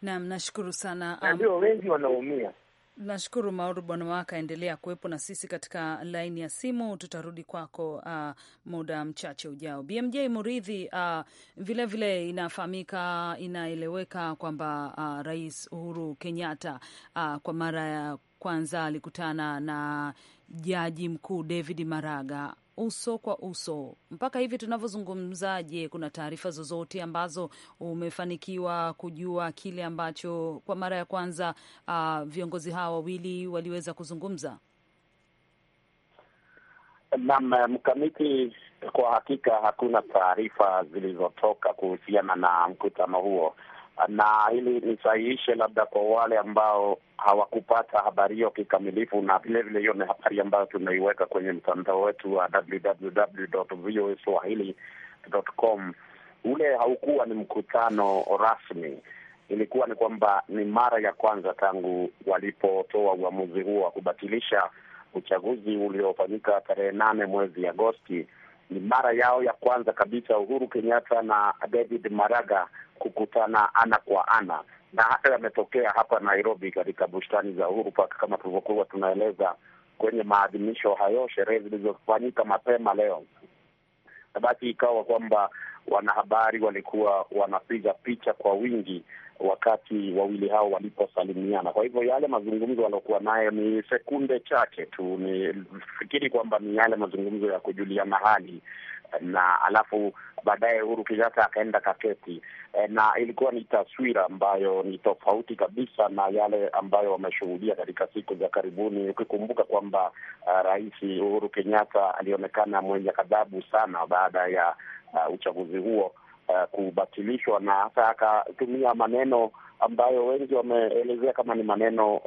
Naam, nashukuru sana na um, ndio wengi wanaumia. Nashukuru Mauru Bwana Waka, endelea kuwepo na sisi katika laini ya simu. Tutarudi kwako uh, muda mchache ujao. BMJ Muridhi, uh, vilevile inafahamika, inaeleweka kwamba uh, Rais Uhuru Kenyatta uh, kwa mara ya kwanza alikutana na jaji mkuu David Maraga uso kwa uso. Mpaka hivi tunavyozungumza, je, kuna taarifa zozote ambazo umefanikiwa kujua kile ambacho kwa mara ya kwanza uh, viongozi hawa wawili waliweza kuzungumza? Naam, mkamiti, kwa hakika hakuna taarifa zilizotoka kuhusiana na mkutano huo, na hili nisahihishe labda kwa wale ambao hawakupata habari hiyo kikamilifu, na vilevile hiyo ni habari ambayo tunaiweka kwenye mtandao wetu wa www.voaswahili.com. Ule haukuwa ni mkutano rasmi, ilikuwa ni kwamba ni mara ya kwanza tangu walipotoa uamuzi huo wa kubatilisha uchaguzi uliofanyika tarehe nane mwezi Agosti. Ni mara yao ya kwanza kabisa Uhuru Kenyatta na David Maraga kukutana ana kwa ana na hata yametokea hapa Nairobi katika bustani za Uhuru Park kama tulivyokuwa tunaeleza kwenye maadhimisho hayo, sherehe zilizofanyika mapema leo. Na basi ikawa kwamba wanahabari walikuwa wanapiga picha kwa wingi wakati wawili hao waliposalimiana. Kwa hivyo yale mazungumzo waliokuwa nayo ni sekunde chache tu, nifikiri kwamba ni yale mazungumzo ya kujuliana hali na alafu baadaye Uhuru Kenyatta akaenda kaketi e, na ilikuwa ni taswira ambayo ni tofauti kabisa na yale ambayo wameshuhudia katika siku za karibuni, ukikumbuka kwamba uh, Rais Uhuru Kenyatta alionekana mwenye kadhabu sana baada ya uh, uchaguzi huo uh, kubatilishwa na hasa akatumia maneno ambayo wengi wameelezea kama ni maneno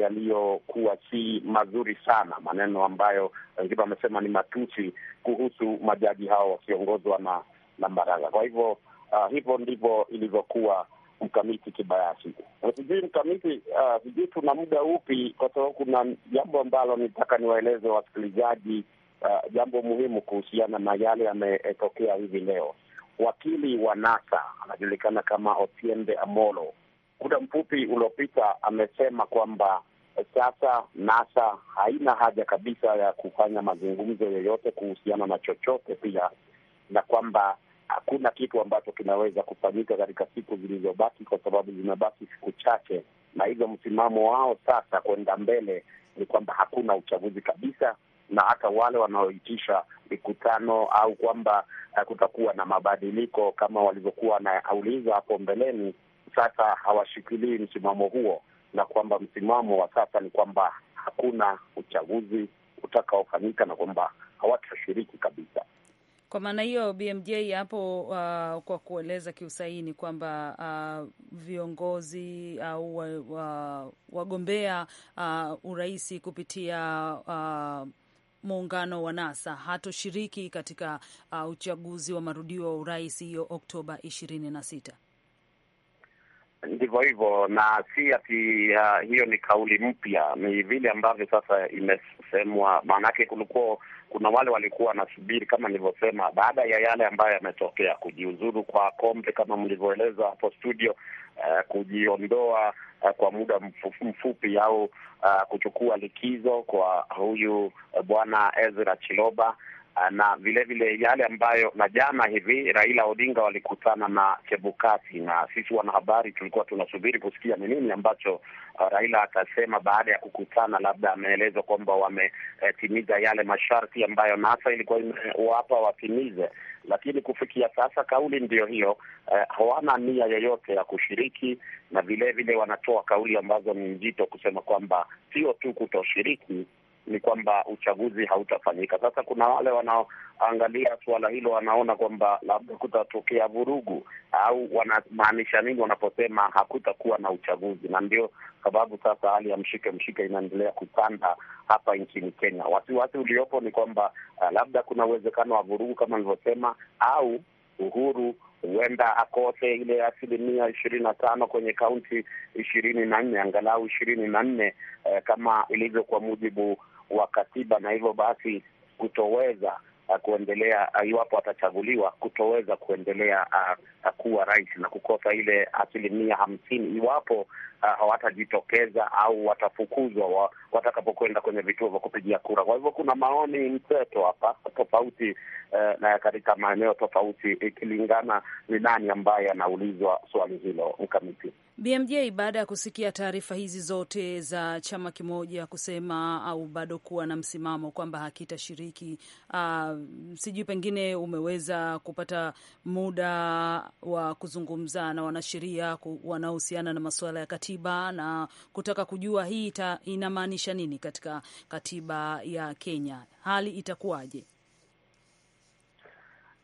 yaliyokuwa ya si mazuri sana, maneno ambayo wengine wamesema ni matusi kuhusu majaji hao wakiongozwa na na baraza. Kwa hivyo uh, hivyo ndivyo ilivyokuwa mkamiti kibayasi. Sijui mkamiti, ah, sijui tuna muda upi, kwa sababu kuna jambo ambalo nitaka niwaeleze wasikilizaji uh, jambo muhimu kuhusiana na yale yametokea hivi leo. Wakili wa NASA anajulikana kama Otiende Amolo muda mfupi uliopita amesema kwamba sasa NASA haina haja kabisa ya kufanya mazungumzo yoyote kuhusiana na chochote pia, na kwamba hakuna kitu ambacho kinaweza kufanyika katika siku zilizobaki, kwa sababu zimebaki siku chache. Na hivyo msimamo wao sasa kwenda mbele ni kwamba hakuna uchaguzi kabisa, na hata wale wanaoitisha mikutano au kwamba kutakuwa na mabadiliko kama walivyokuwa wanauliza hapo mbeleni sasa hawashikilii msimamo huo, na kwamba msimamo wa sasa ni kwamba hakuna uchaguzi utakaofanyika na kwamba hawatashiriki kabisa. Kwa maana hiyo BMJ hapo, uh, kwa kueleza kiusaini kwamba uh, viongozi au uh, wa, wagombea uh, uraisi kupitia uh, muungano wa NASA hatoshiriki katika uh, uchaguzi wa marudio wa urais hiyo Oktoba ishirini na sita. Ndivyo hivyo, na si ati uh, hiyo ni kauli mpya, ni vile ambavyo sasa imesemwa. Maanake kulikuwa kuna wale walikuwa wanasubiri, kama nilivyosema, baada ya yale ambayo yametokea, kujiuzuru kwa Kombe kama mlivyoeleza hapo studio, uh, kujiondoa uh, kwa muda mfupi au uh, kuchukua likizo kwa huyu uh, bwana Ezra Chiloba Ah, na vile vile yale ambayo na jana hivi Raila Odinga walikutana na Chebukati, na sisi wanahabari tulikuwa tunasubiri kusikia ni nini ambacho ah, Raila atasema baada ya kukutana. Labda ameelezwa kwamba wametimiza eh, yale masharti ambayo NASA ilikuwa imewapa watimize, lakini kufikia sasa kauli ndiyo hiyo eh, hawana nia yoyote ya kushiriki, na vile vile wanatoa kauli ambazo ni nzito kusema kwamba sio tu kutoshiriki ni kwamba uchaguzi hautafanyika. Sasa kuna wale wanaoangalia suala hilo wanaona kwamba labda kutatokea vurugu, au wanamaanisha nini wanaposema hakutakuwa na uchaguzi? Na ndio sababu sasa hali ya mshike mshike inaendelea kupanda hapa nchini Kenya. Wasiwasi uliopo ni kwamba uh, labda kuna uwezekano wa vurugu kama nilivyosema, au Uhuru huenda akose ile asilimia ishirini na tano kwenye kaunti ishirini na nne angalau ishirini na nne eh, kama ilivyo kwa mujibu wa katiba, na hivyo basi kutoweza uh, kuendelea uh, iwapo atachaguliwa, kutoweza kuendelea uh, uh, kuwa rais na kukosa ile asilimia hamsini iwapo hawatajitokeza uh, au watafukuzwa watakapokwenda kwenye vituo vya kupigia kura. Kwa hivyo kuna maoni mseto hapa tofauti, uh, na katika maeneo tofauti, ikilingana ni nani ambaye anaulizwa swali hilo mkamiti. BMJ, baada ya kusikia taarifa hizi zote za chama kimoja kusema au bado kuwa na msimamo kwamba hakitashiriki, uh, sijui pengine umeweza kupata muda wa kuzungumza na wanasheria wanaohusiana na masuala ya katiba na kutaka kujua hii inamaanisha nini katika katiba ya Kenya, hali itakuwaje?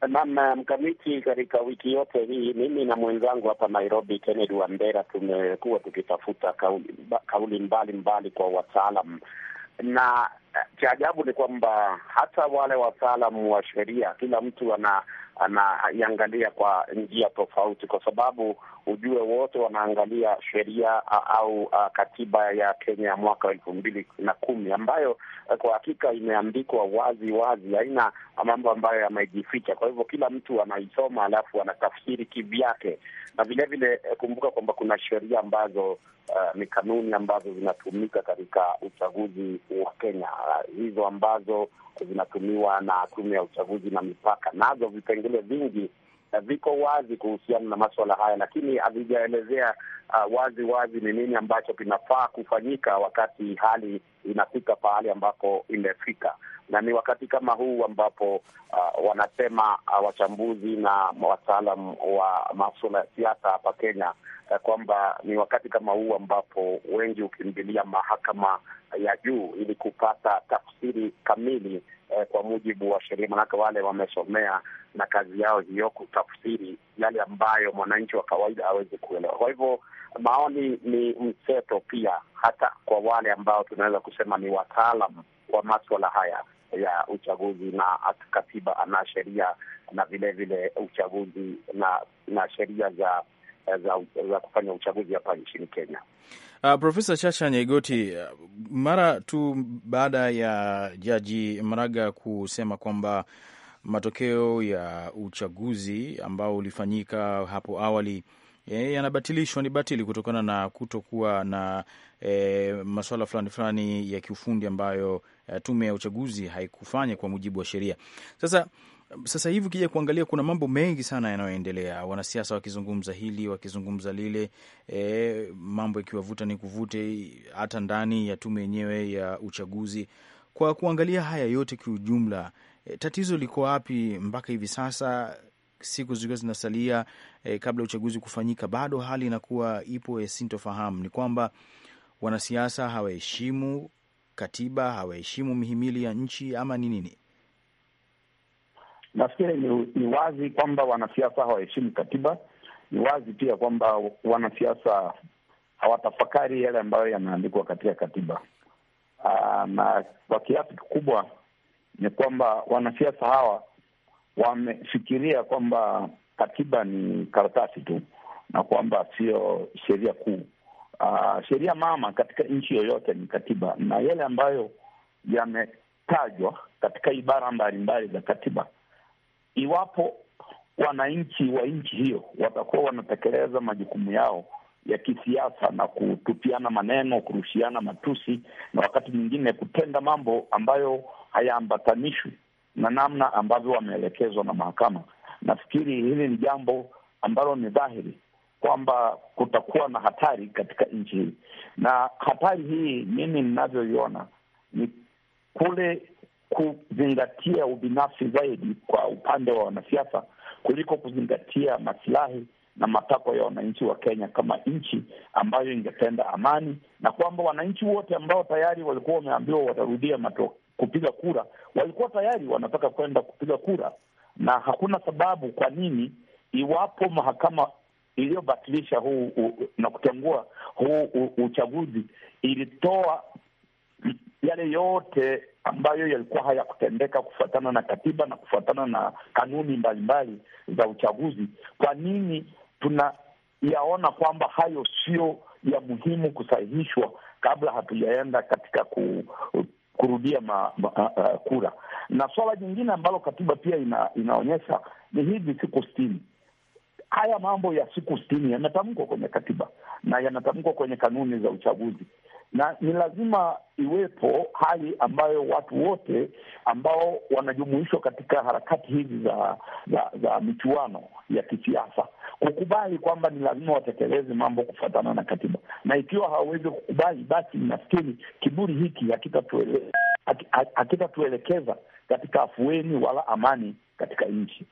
Mama eh, mkamiti, katika wiki yote hii mimi na mwenzangu hapa Nairobi, Kennedy Wandera, tumekuwa tukitafuta kauli, kauli kwa wataalam na eh, cha ajabu ni kwamba hata wale wataalamu wa sheria, kila mtu ana anaiangalia kwa njia tofauti, kwa sababu ujue wote wanaangalia sheria au a, katiba ya Kenya ya mwaka wa elfu mbili na kumi ambayo eh, kwa hakika imeandikwa wazi wazi, haina mambo ambayo yamejificha. Kwa hivyo kila mtu anaisoma alafu anatafsiri kivyake, na vilevile eh, kumbuka kwamba kuna sheria ambazo uh, ni kanuni ambazo zinatumika katika uchaguzi wa Kenya, uh, hizo ambazo zinatumiwa na tume ya uchaguzi na mipaka, nazo vipengele vingi viko wazi kuhusiana na maswala haya, lakini havijaelezea uh, eh, wazi wazi ni nini ambacho kinafaa kufanyika wakati hali inafika pahali ambapo imefika na ni wakati kama huu ambapo uh, wanasema uh, wachambuzi na wataalam wa masuala ya siasa hapa Kenya uh, kwamba ni wakati kama huu ambapo wengi hukimbilia mahakama ya juu ili kupata tafsiri kamili uh, kwa mujibu wa sheria, manake wale wamesomea na kazi yao hiyo kutafsiri yale ambayo mwananchi wa kawaida hawezi kuelewa. Kwa hivyo maoni ni mseto pia, hata kwa wale ambao tunaweza kusema ni wataalam wa maswala haya ya uchaguzi na katiba na sheria na vilevile uchaguzi na na sheria za za, za kufanya uchaguzi hapa nchini Kenya. Uh, Profesa Chacha Nyaigoti, ah, mara tu baada ya Jaji Maraga kusema kwamba matokeo ya uchaguzi ambao ulifanyika hapo awali e, yanabatilishwa ni batili kutokana na kutokuwa na e, masuala fulani fulani ya kiufundi ambayo e, tume ya uchaguzi haikufanya kwa mujibu wa sheria. Sasa sasa hivi ukija kuangalia kuna mambo mengi sana yanayoendelea, wanasiasa wakizungumza hili wakizungumza lile, e, mambo ikiwavuta ni kuvute, hata ndani ya tume yenyewe ya uchaguzi. Kwa kuangalia haya yote kiujumla, e, tatizo liko wapi mpaka hivi sasa? siku zikiwa zinasalia e, kabla ya uchaguzi kufanyika, bado hali inakuwa ipo ya sintofahamu. Ni kwamba wanasiasa hawaheshimu katiba, hawaheshimu mihimili ya nchi ama ni nini? Nafikiri ni, ni wazi kwamba wanasiasa hawaheshimu katiba. Ni wazi pia kwamba wanasiasa hawatafakari yale ambayo yanaandikwa katika katiba. Aa, na kwa kiasi kikubwa ni kwamba wanasiasa hawa wamefikiria kwamba katiba ni karatasi tu na kwamba sio sheria kuu. Uh, sheria mama katika nchi yoyote ni katiba, na yale ambayo yametajwa katika ibara mbalimbali za katiba, iwapo wananchi wa nchi hiyo watakuwa wanatekeleza majukumu yao ya kisiasa na kutupiana maneno, kurushiana matusi na wakati mwingine kutenda mambo ambayo hayaambatanishwi na namna ambavyo wameelekezwa na mahakama. Nafikiri hili ni jambo ambalo ni dhahiri kwamba kutakuwa na hatari katika nchi hii, na hatari hii mimi ninavyoiona ni kule kuzingatia ubinafsi zaidi kwa upande wa wanasiasa kuliko kuzingatia masilahi na matakwa ya wananchi wa Kenya kama nchi ambayo ingependa amani, na kwamba wananchi wote ambao tayari walikuwa wameambiwa watarudia mato, kupiga kura, walikuwa tayari wanataka kwenda kupiga kura, na hakuna sababu kwa nini, iwapo mahakama iliyobatilisha huu u, na kutengua huu u, uchaguzi ilitoa yale yote ambayo yalikuwa hayakutendeka kufuatana na katiba na kufuatana na kanuni mbalimbali za uchaguzi, kwa nini tunayaona kwamba hayo sio ya muhimu kusahihishwa kabla hatujaenda katika ku, kurudia ma, ma, uh, kura. Na swala jingine ambalo katiba pia ina, inaonyesha ni hizi siku sitini. Haya mambo ya siku sitini yanatamkwa kwenye katiba na yanatamkwa kwenye kanuni za uchaguzi, na ni lazima iwepo hali ambayo watu wote ambao wanajumuishwa katika harakati hizi za, za, za michuano ya kisiasa kukubali kwamba ni lazima watekeleze mambo kufuatana na katiba, na ikiwa hawawezi kukubali, basi nafikiri kiburi hiki hakitatuelekeza katika afueni wala amani katika nchi.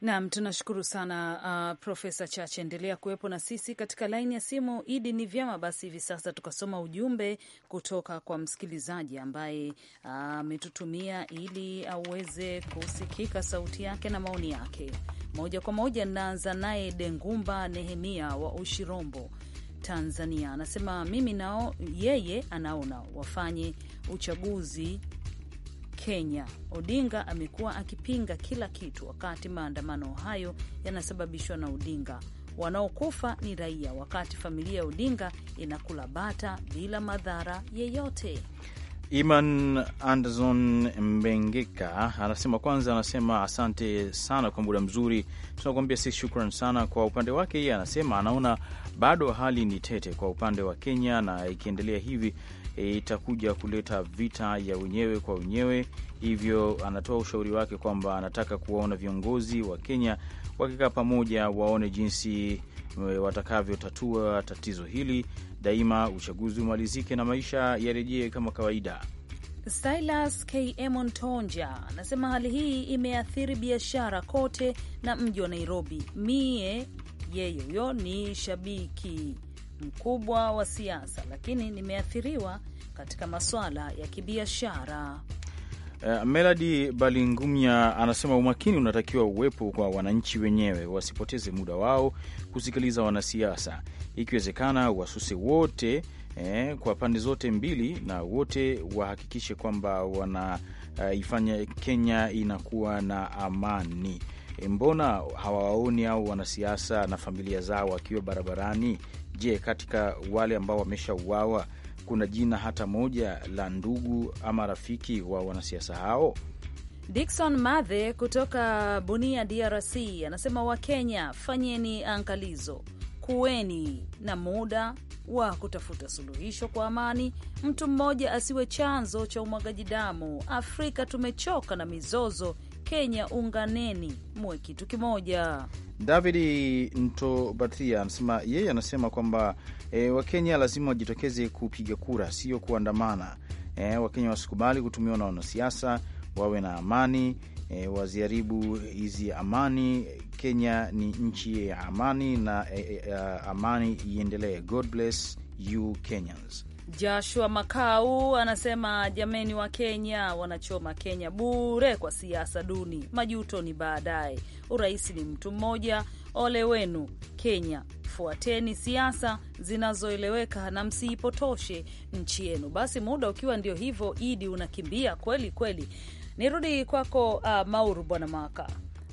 Naam, tunashukuru sana uh, Profesa Chache, endelea kuwepo na sisi katika laini ya simu. Idi, ni vyema basi hivi sasa tukasoma ujumbe kutoka kwa msikilizaji ambaye uh, ametutumia uh, ili aweze kusikika sauti yake na maoni yake moja kwa moja. Naanza naye Dengumba Nehemia wa Ushirombo, Tanzania, anasema mimi nao, yeye anaona wafanye uchaguzi Kenya, Odinga amekuwa akipinga kila kitu, wakati maandamano hayo yanasababishwa na Odinga. Wanaokufa ni raia, wakati familia ya Odinga inakula bata bila madhara yeyote. Iman Anderson Mbengeka anasema kwanza, anasema asante sana kwa muda mzuri, tunakuambia si shukran sana. Kwa upande wake, yeye anasema anaona bado hali ni tete kwa upande wa Kenya, na ikiendelea hivi e, itakuja kuleta vita ya wenyewe kwa wenyewe. Hivyo anatoa ushauri wake kwamba anataka kuwaona viongozi wa Kenya wakikaa pamoja, waone jinsi e, watakavyotatua tatizo hili, daima uchaguzi umalizike na maisha yarejee kama kawaida. Silas K Montonja anasema hali hii imeathiri biashara kote na mji wa Nairobi. Mie yeye huyo ni shabiki mkubwa wa siasa, lakini nimeathiriwa katika masuala ya kibiashara. Uh, eh, Meladi Balingumya anasema umakini unatakiwa uwepo kwa wananchi wenyewe, wasipoteze muda wao kusikiliza wanasiasa, ikiwezekana wasuse wote eh, kwa pande zote mbili, na wote wahakikishe kwamba wanaifanya uh, Kenya inakuwa na amani. Eh, mbona hawawaoni au wanasiasa na familia zao wakiwa barabarani? Je, katika wale ambao wameshauawa kuna jina hata moja la ndugu ama rafiki wa wanasiasa hao? Dikson Mathe kutoka Bunia, DRC, anasema Wakenya, fanyeni angalizo, kuweni na muda wa kutafuta suluhisho kwa amani. Mtu mmoja asiwe chanzo cha umwagaji damu. Afrika tumechoka na mizozo Kenya unganeni, muwe kitu kimoja. Davidi Ntobatia anasema yeye anasema kwamba e, Wakenya lazima wajitokeze kupiga kura, sio kuandamana. E, Wakenya wasikubali kutumiwa na wanasiasa, wawe na amani e, waziharibu hizi amani. Kenya ni nchi ya amani na e, e, amani iendelee. God bless you Kenyans. Joshua Makau anasema jameni, wa Kenya wanachoma Kenya bure kwa siasa duni. Majuto ni baadaye, urais ni mtu mmoja. Ole wenu Kenya, fuateni siasa zinazoeleweka na msiipotoshe nchi yenu. Basi muda ukiwa ndio hivyo, Idi unakimbia kweli kweli. Nirudi kwako, uh, Mauru bwana Maka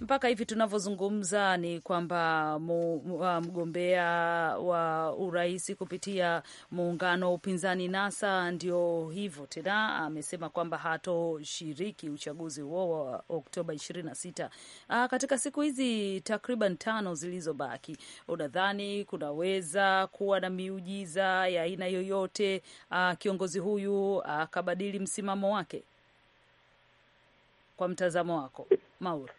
mpaka hivi tunavyozungumza ni kwamba uh, mgombea wa urais kupitia muungano wa upinzani NASA ndio hivyo tena, amesema kwamba hatoshiriki uchaguzi huo wa Oktoba 26. Ah, katika siku hizi takriban tano zilizobaki, unadhani kunaweza kuwa na miujiza ya aina yoyote, ah, kiongozi huyu akabadili msimamo wake? Kwa mtazamo wako Maura?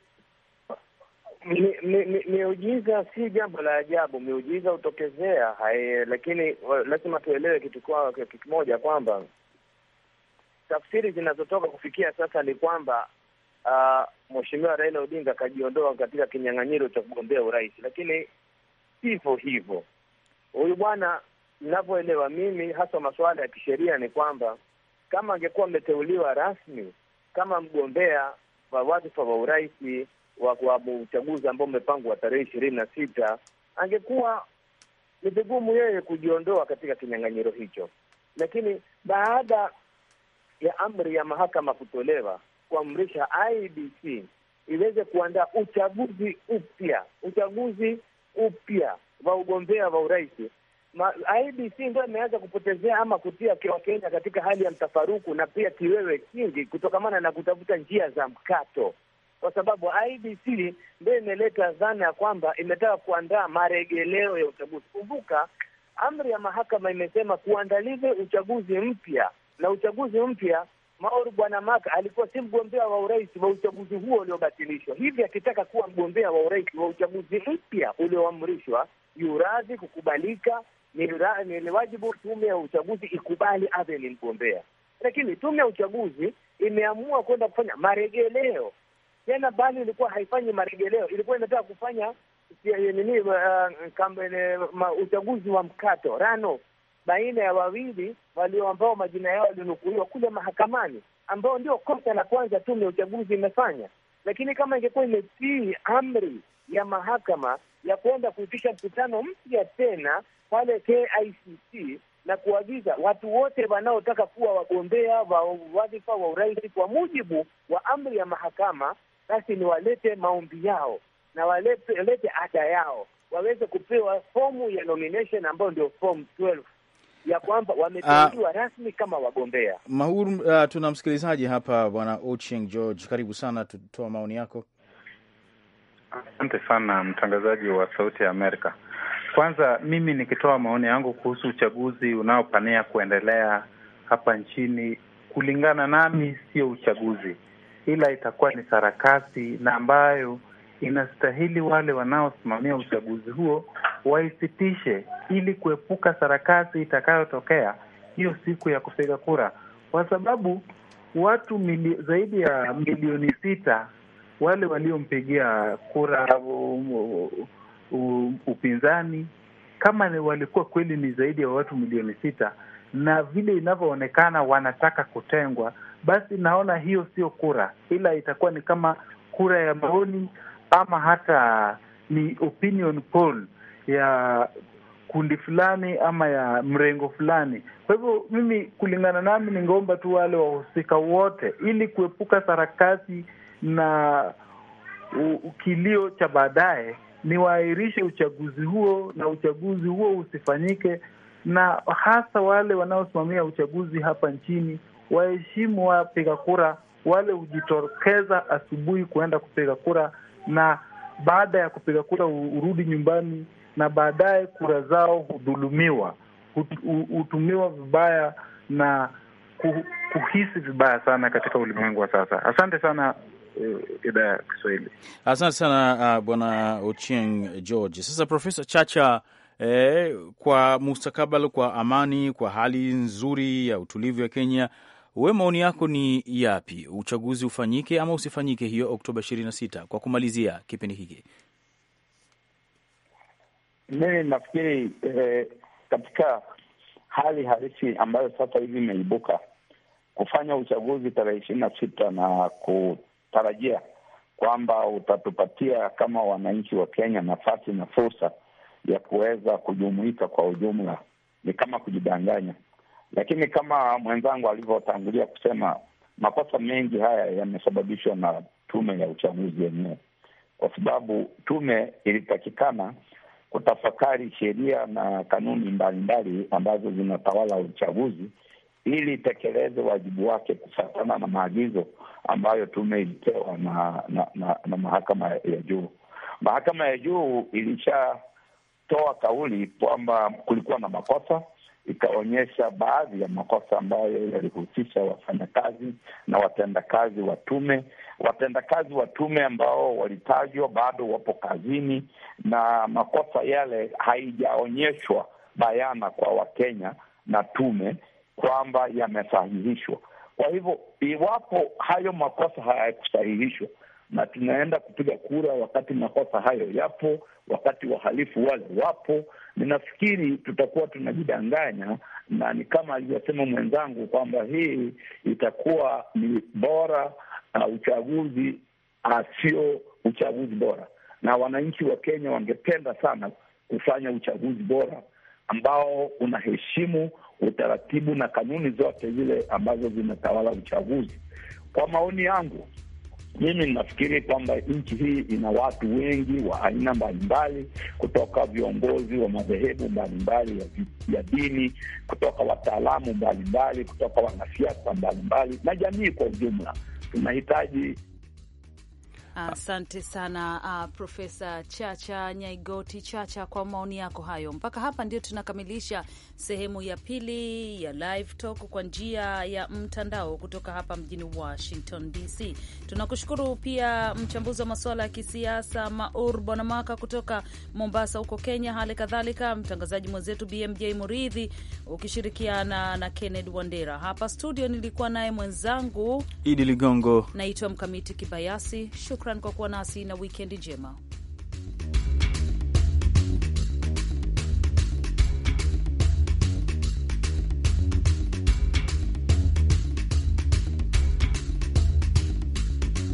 miujiza si jambo la ajabu, miujiza hutokezea hai, lakini lazima tuelewe kitu kitu kimoja kwamba tafsiri zinazotoka kufikia sasa ni kwamba uh, Mheshimiwa Raila Odinga akajiondoa katika kinyang'anyiro cha kugombea urais, lakini sivyo hivyo. Huyu bwana ninavyoelewa mimi, hasa masuala ya kisheria, ni kwamba kama angekuwa ameteuliwa rasmi kama mgombea wa wadhifa wa urais wa uchaguzi ambao umepangwa tarehe ishirini na sita, angekuwa ni vigumu yeye kujiondoa katika kinyang'anyiro hicho. Lakini baada ya amri ya mahakama kutolewa kuamrisha IBC iweze kuandaa uchaguzi upya, uchaguzi upya wa ugombea wa urais, IBC ndio imeanza kupotezea ama kutia Wakenya katika hali ya mtafaruku na pia kiwewe kingi, kutokamana na kutafuta njia za mkato kwa sababu IBC ndio imeleta dhana ya kwamba imetaka kuandaa maregeleo ya uchaguzi. Kumbuka amri ya mahakama imesema kuandalize uchaguzi mpya, na uchaguzi mpya maor Bwana Maka alikuwa si mgombea wa urais wa uchaguzi huo uliobatilishwa, hivi akitaka kuwa mgombea wa urais wa uchaguzi mpya ulioamrishwa, yuradhi kukubalika ni wajibu tume ya uchaguzi ikubali awe ni mgombea, lakini tume ya uchaguzi imeamua kwenda kufanya maregeleo tena bali ilikuwa haifanyi marejeleo, ilikuwa inataka kufanya nini, uh, uchaguzi wa mkato rano baina ya wawili walio ambao majina yao yalinukuliwa kule mahakamani, ambao ndio kosa la kwanza tume ya uchaguzi imefanya. Lakini kama ingekuwa imetii amri ya mahakama ya kuenda kuitisha mkutano mpya tena pale KICC na kuagiza watu wote wanaotaka kuwa wagombea wa wadhifa wa urais kwa mujibu wa amri ya mahakama basi ni walete maombi yao na walete ada yao, waweze kupewa fomu ya nomination ambayo ndio form 12 ya kwamba wameteuliwa ah, rasmi kama wagombea. Mahuru, uh, tuna msikilizaji hapa, bwana Ochieng George, karibu sana, tutoa maoni yako. Asante sana mtangazaji wa Sauti ya Amerika. Kwanza mimi nikitoa maoni yangu kuhusu uchaguzi unaopania kuendelea hapa nchini, kulingana nami sio uchaguzi, ila itakuwa ni sarakasi na ambayo inastahili wale wanaosimamia uchaguzi huo waisitishe, ili kuepuka sarakasi itakayotokea hiyo siku ya kupiga kura, kwa sababu watu mili, zaidi ya milioni sita wale waliompigia kura u, u, upinzani kama walikuwa kweli ni zaidi ya watu milioni sita, na vile inavyoonekana wanataka kutengwa, basi naona hiyo sio kura, ila itakuwa ni kama kura ya maoni ama hata ni opinion poll ya kundi fulani ama ya mrengo fulani. Kwa hivyo mimi, kulingana nami, ningeomba tu wale wahusika wote, ili kuepuka sarakasi na kilio cha baadaye, ni waahirishe uchaguzi huo na uchaguzi huo usifanyike, na hasa wale wanaosimamia uchaguzi hapa nchini waheshimu wapiga kura wale hujitokeza asubuhi kuenda kupiga kura, na baada ya kupiga kura urudi nyumbani, na baadaye kura zao hudhulumiwa, hutumiwa vibaya na kuhisi vibaya sana katika ulimwengu wa sasa. Asante sana eh, idhaa ya Kiswahili. Asante sana uh, bwana Ochieng George. Sasa Profesa Chacha, eh, kwa mustakabali, kwa amani, kwa hali nzuri ya utulivu ya Kenya we maoni yako ni yapi? Uchaguzi ufanyike ama usifanyike hiyo Oktoba na sita Kwa kumalizia kipindi hiki, mimi nafikiri eh, katika hali halisi ambayo sasa hivi imeibuka kufanya uchaguzi tarehe ishirini na sita na kutarajia kwamba utatupatia kama wananchi wa Kenya nafasi na fursa ya kuweza kujumuika kwa ujumla ni kama kujidanganya. Lakini kama mwenzangu alivyotangulia kusema, makosa mengi haya yamesababishwa na tume ya uchaguzi yenyewe, kwa sababu tume ilitakikana kutafakari sheria na kanuni mbalimbali ambazo zinatawala uchaguzi ili itekeleze wajibu wake kufuatana na maagizo ambayo tume ilipewa na na, na na mahakama ya juu. Mahakama ya juu ilishatoa kauli kwamba kulikuwa na makosa ikaonyesha baadhi ya makosa ambayo yalihusisha wafanyakazi na watendakazi wa tume. Watendakazi wa tume ambao walitajwa bado wapo kazini, na makosa yale haijaonyeshwa bayana kwa Wakenya na tume kwamba yamesahihishwa. Kwa hivyo iwapo hayo makosa hayakusahihishwa, na tunaenda kupiga kura wakati makosa hayo yapo wakati wahalifu wazi wapo. Ninafikiri tutakuwa tunajidanganya, na ni kama alivyosema mwenzangu kwamba hii itakuwa ni bora uh, uchaguzi asio uh, uchaguzi bora, na wananchi wa Kenya wangependa sana kufanya uchaguzi bora ambao unaheshimu utaratibu na kanuni zote zile ambazo zinatawala uchaguzi. Kwa maoni yangu mimi ninafikiri kwamba nchi hii ina watu wengi wa aina mbalimbali, kutoka viongozi wa madhehebu mbalimbali ya, ya dini, kutoka wataalamu mbalimbali, kutoka wanasiasa mbalimbali na jamii kwa ujumla. Tunahitaji Ah, asante sana uh, Profesa Chacha Nyaigoti Chacha kwa maoni yako hayo. Mpaka hapa ndio tunakamilisha sehemu ya pili ya Live Talk kwa njia ya mtandao kutoka hapa mjini Washington DC. Tunakushukuru pia mchambuzi wa masuala ya kisiasa Maur Bwanamaka kutoka Mombasa huko Kenya, hali kadhalika mtangazaji mwenzetu BMJ Muridhi ukishirikiana na Kenneth Wandera. Hapa studio nilikuwa naye mwenzangu Idi Ligongo, naitwa Mkamiti Kibayasi. Shukran. Shukran kwa kuwa nasi na wikendi njema.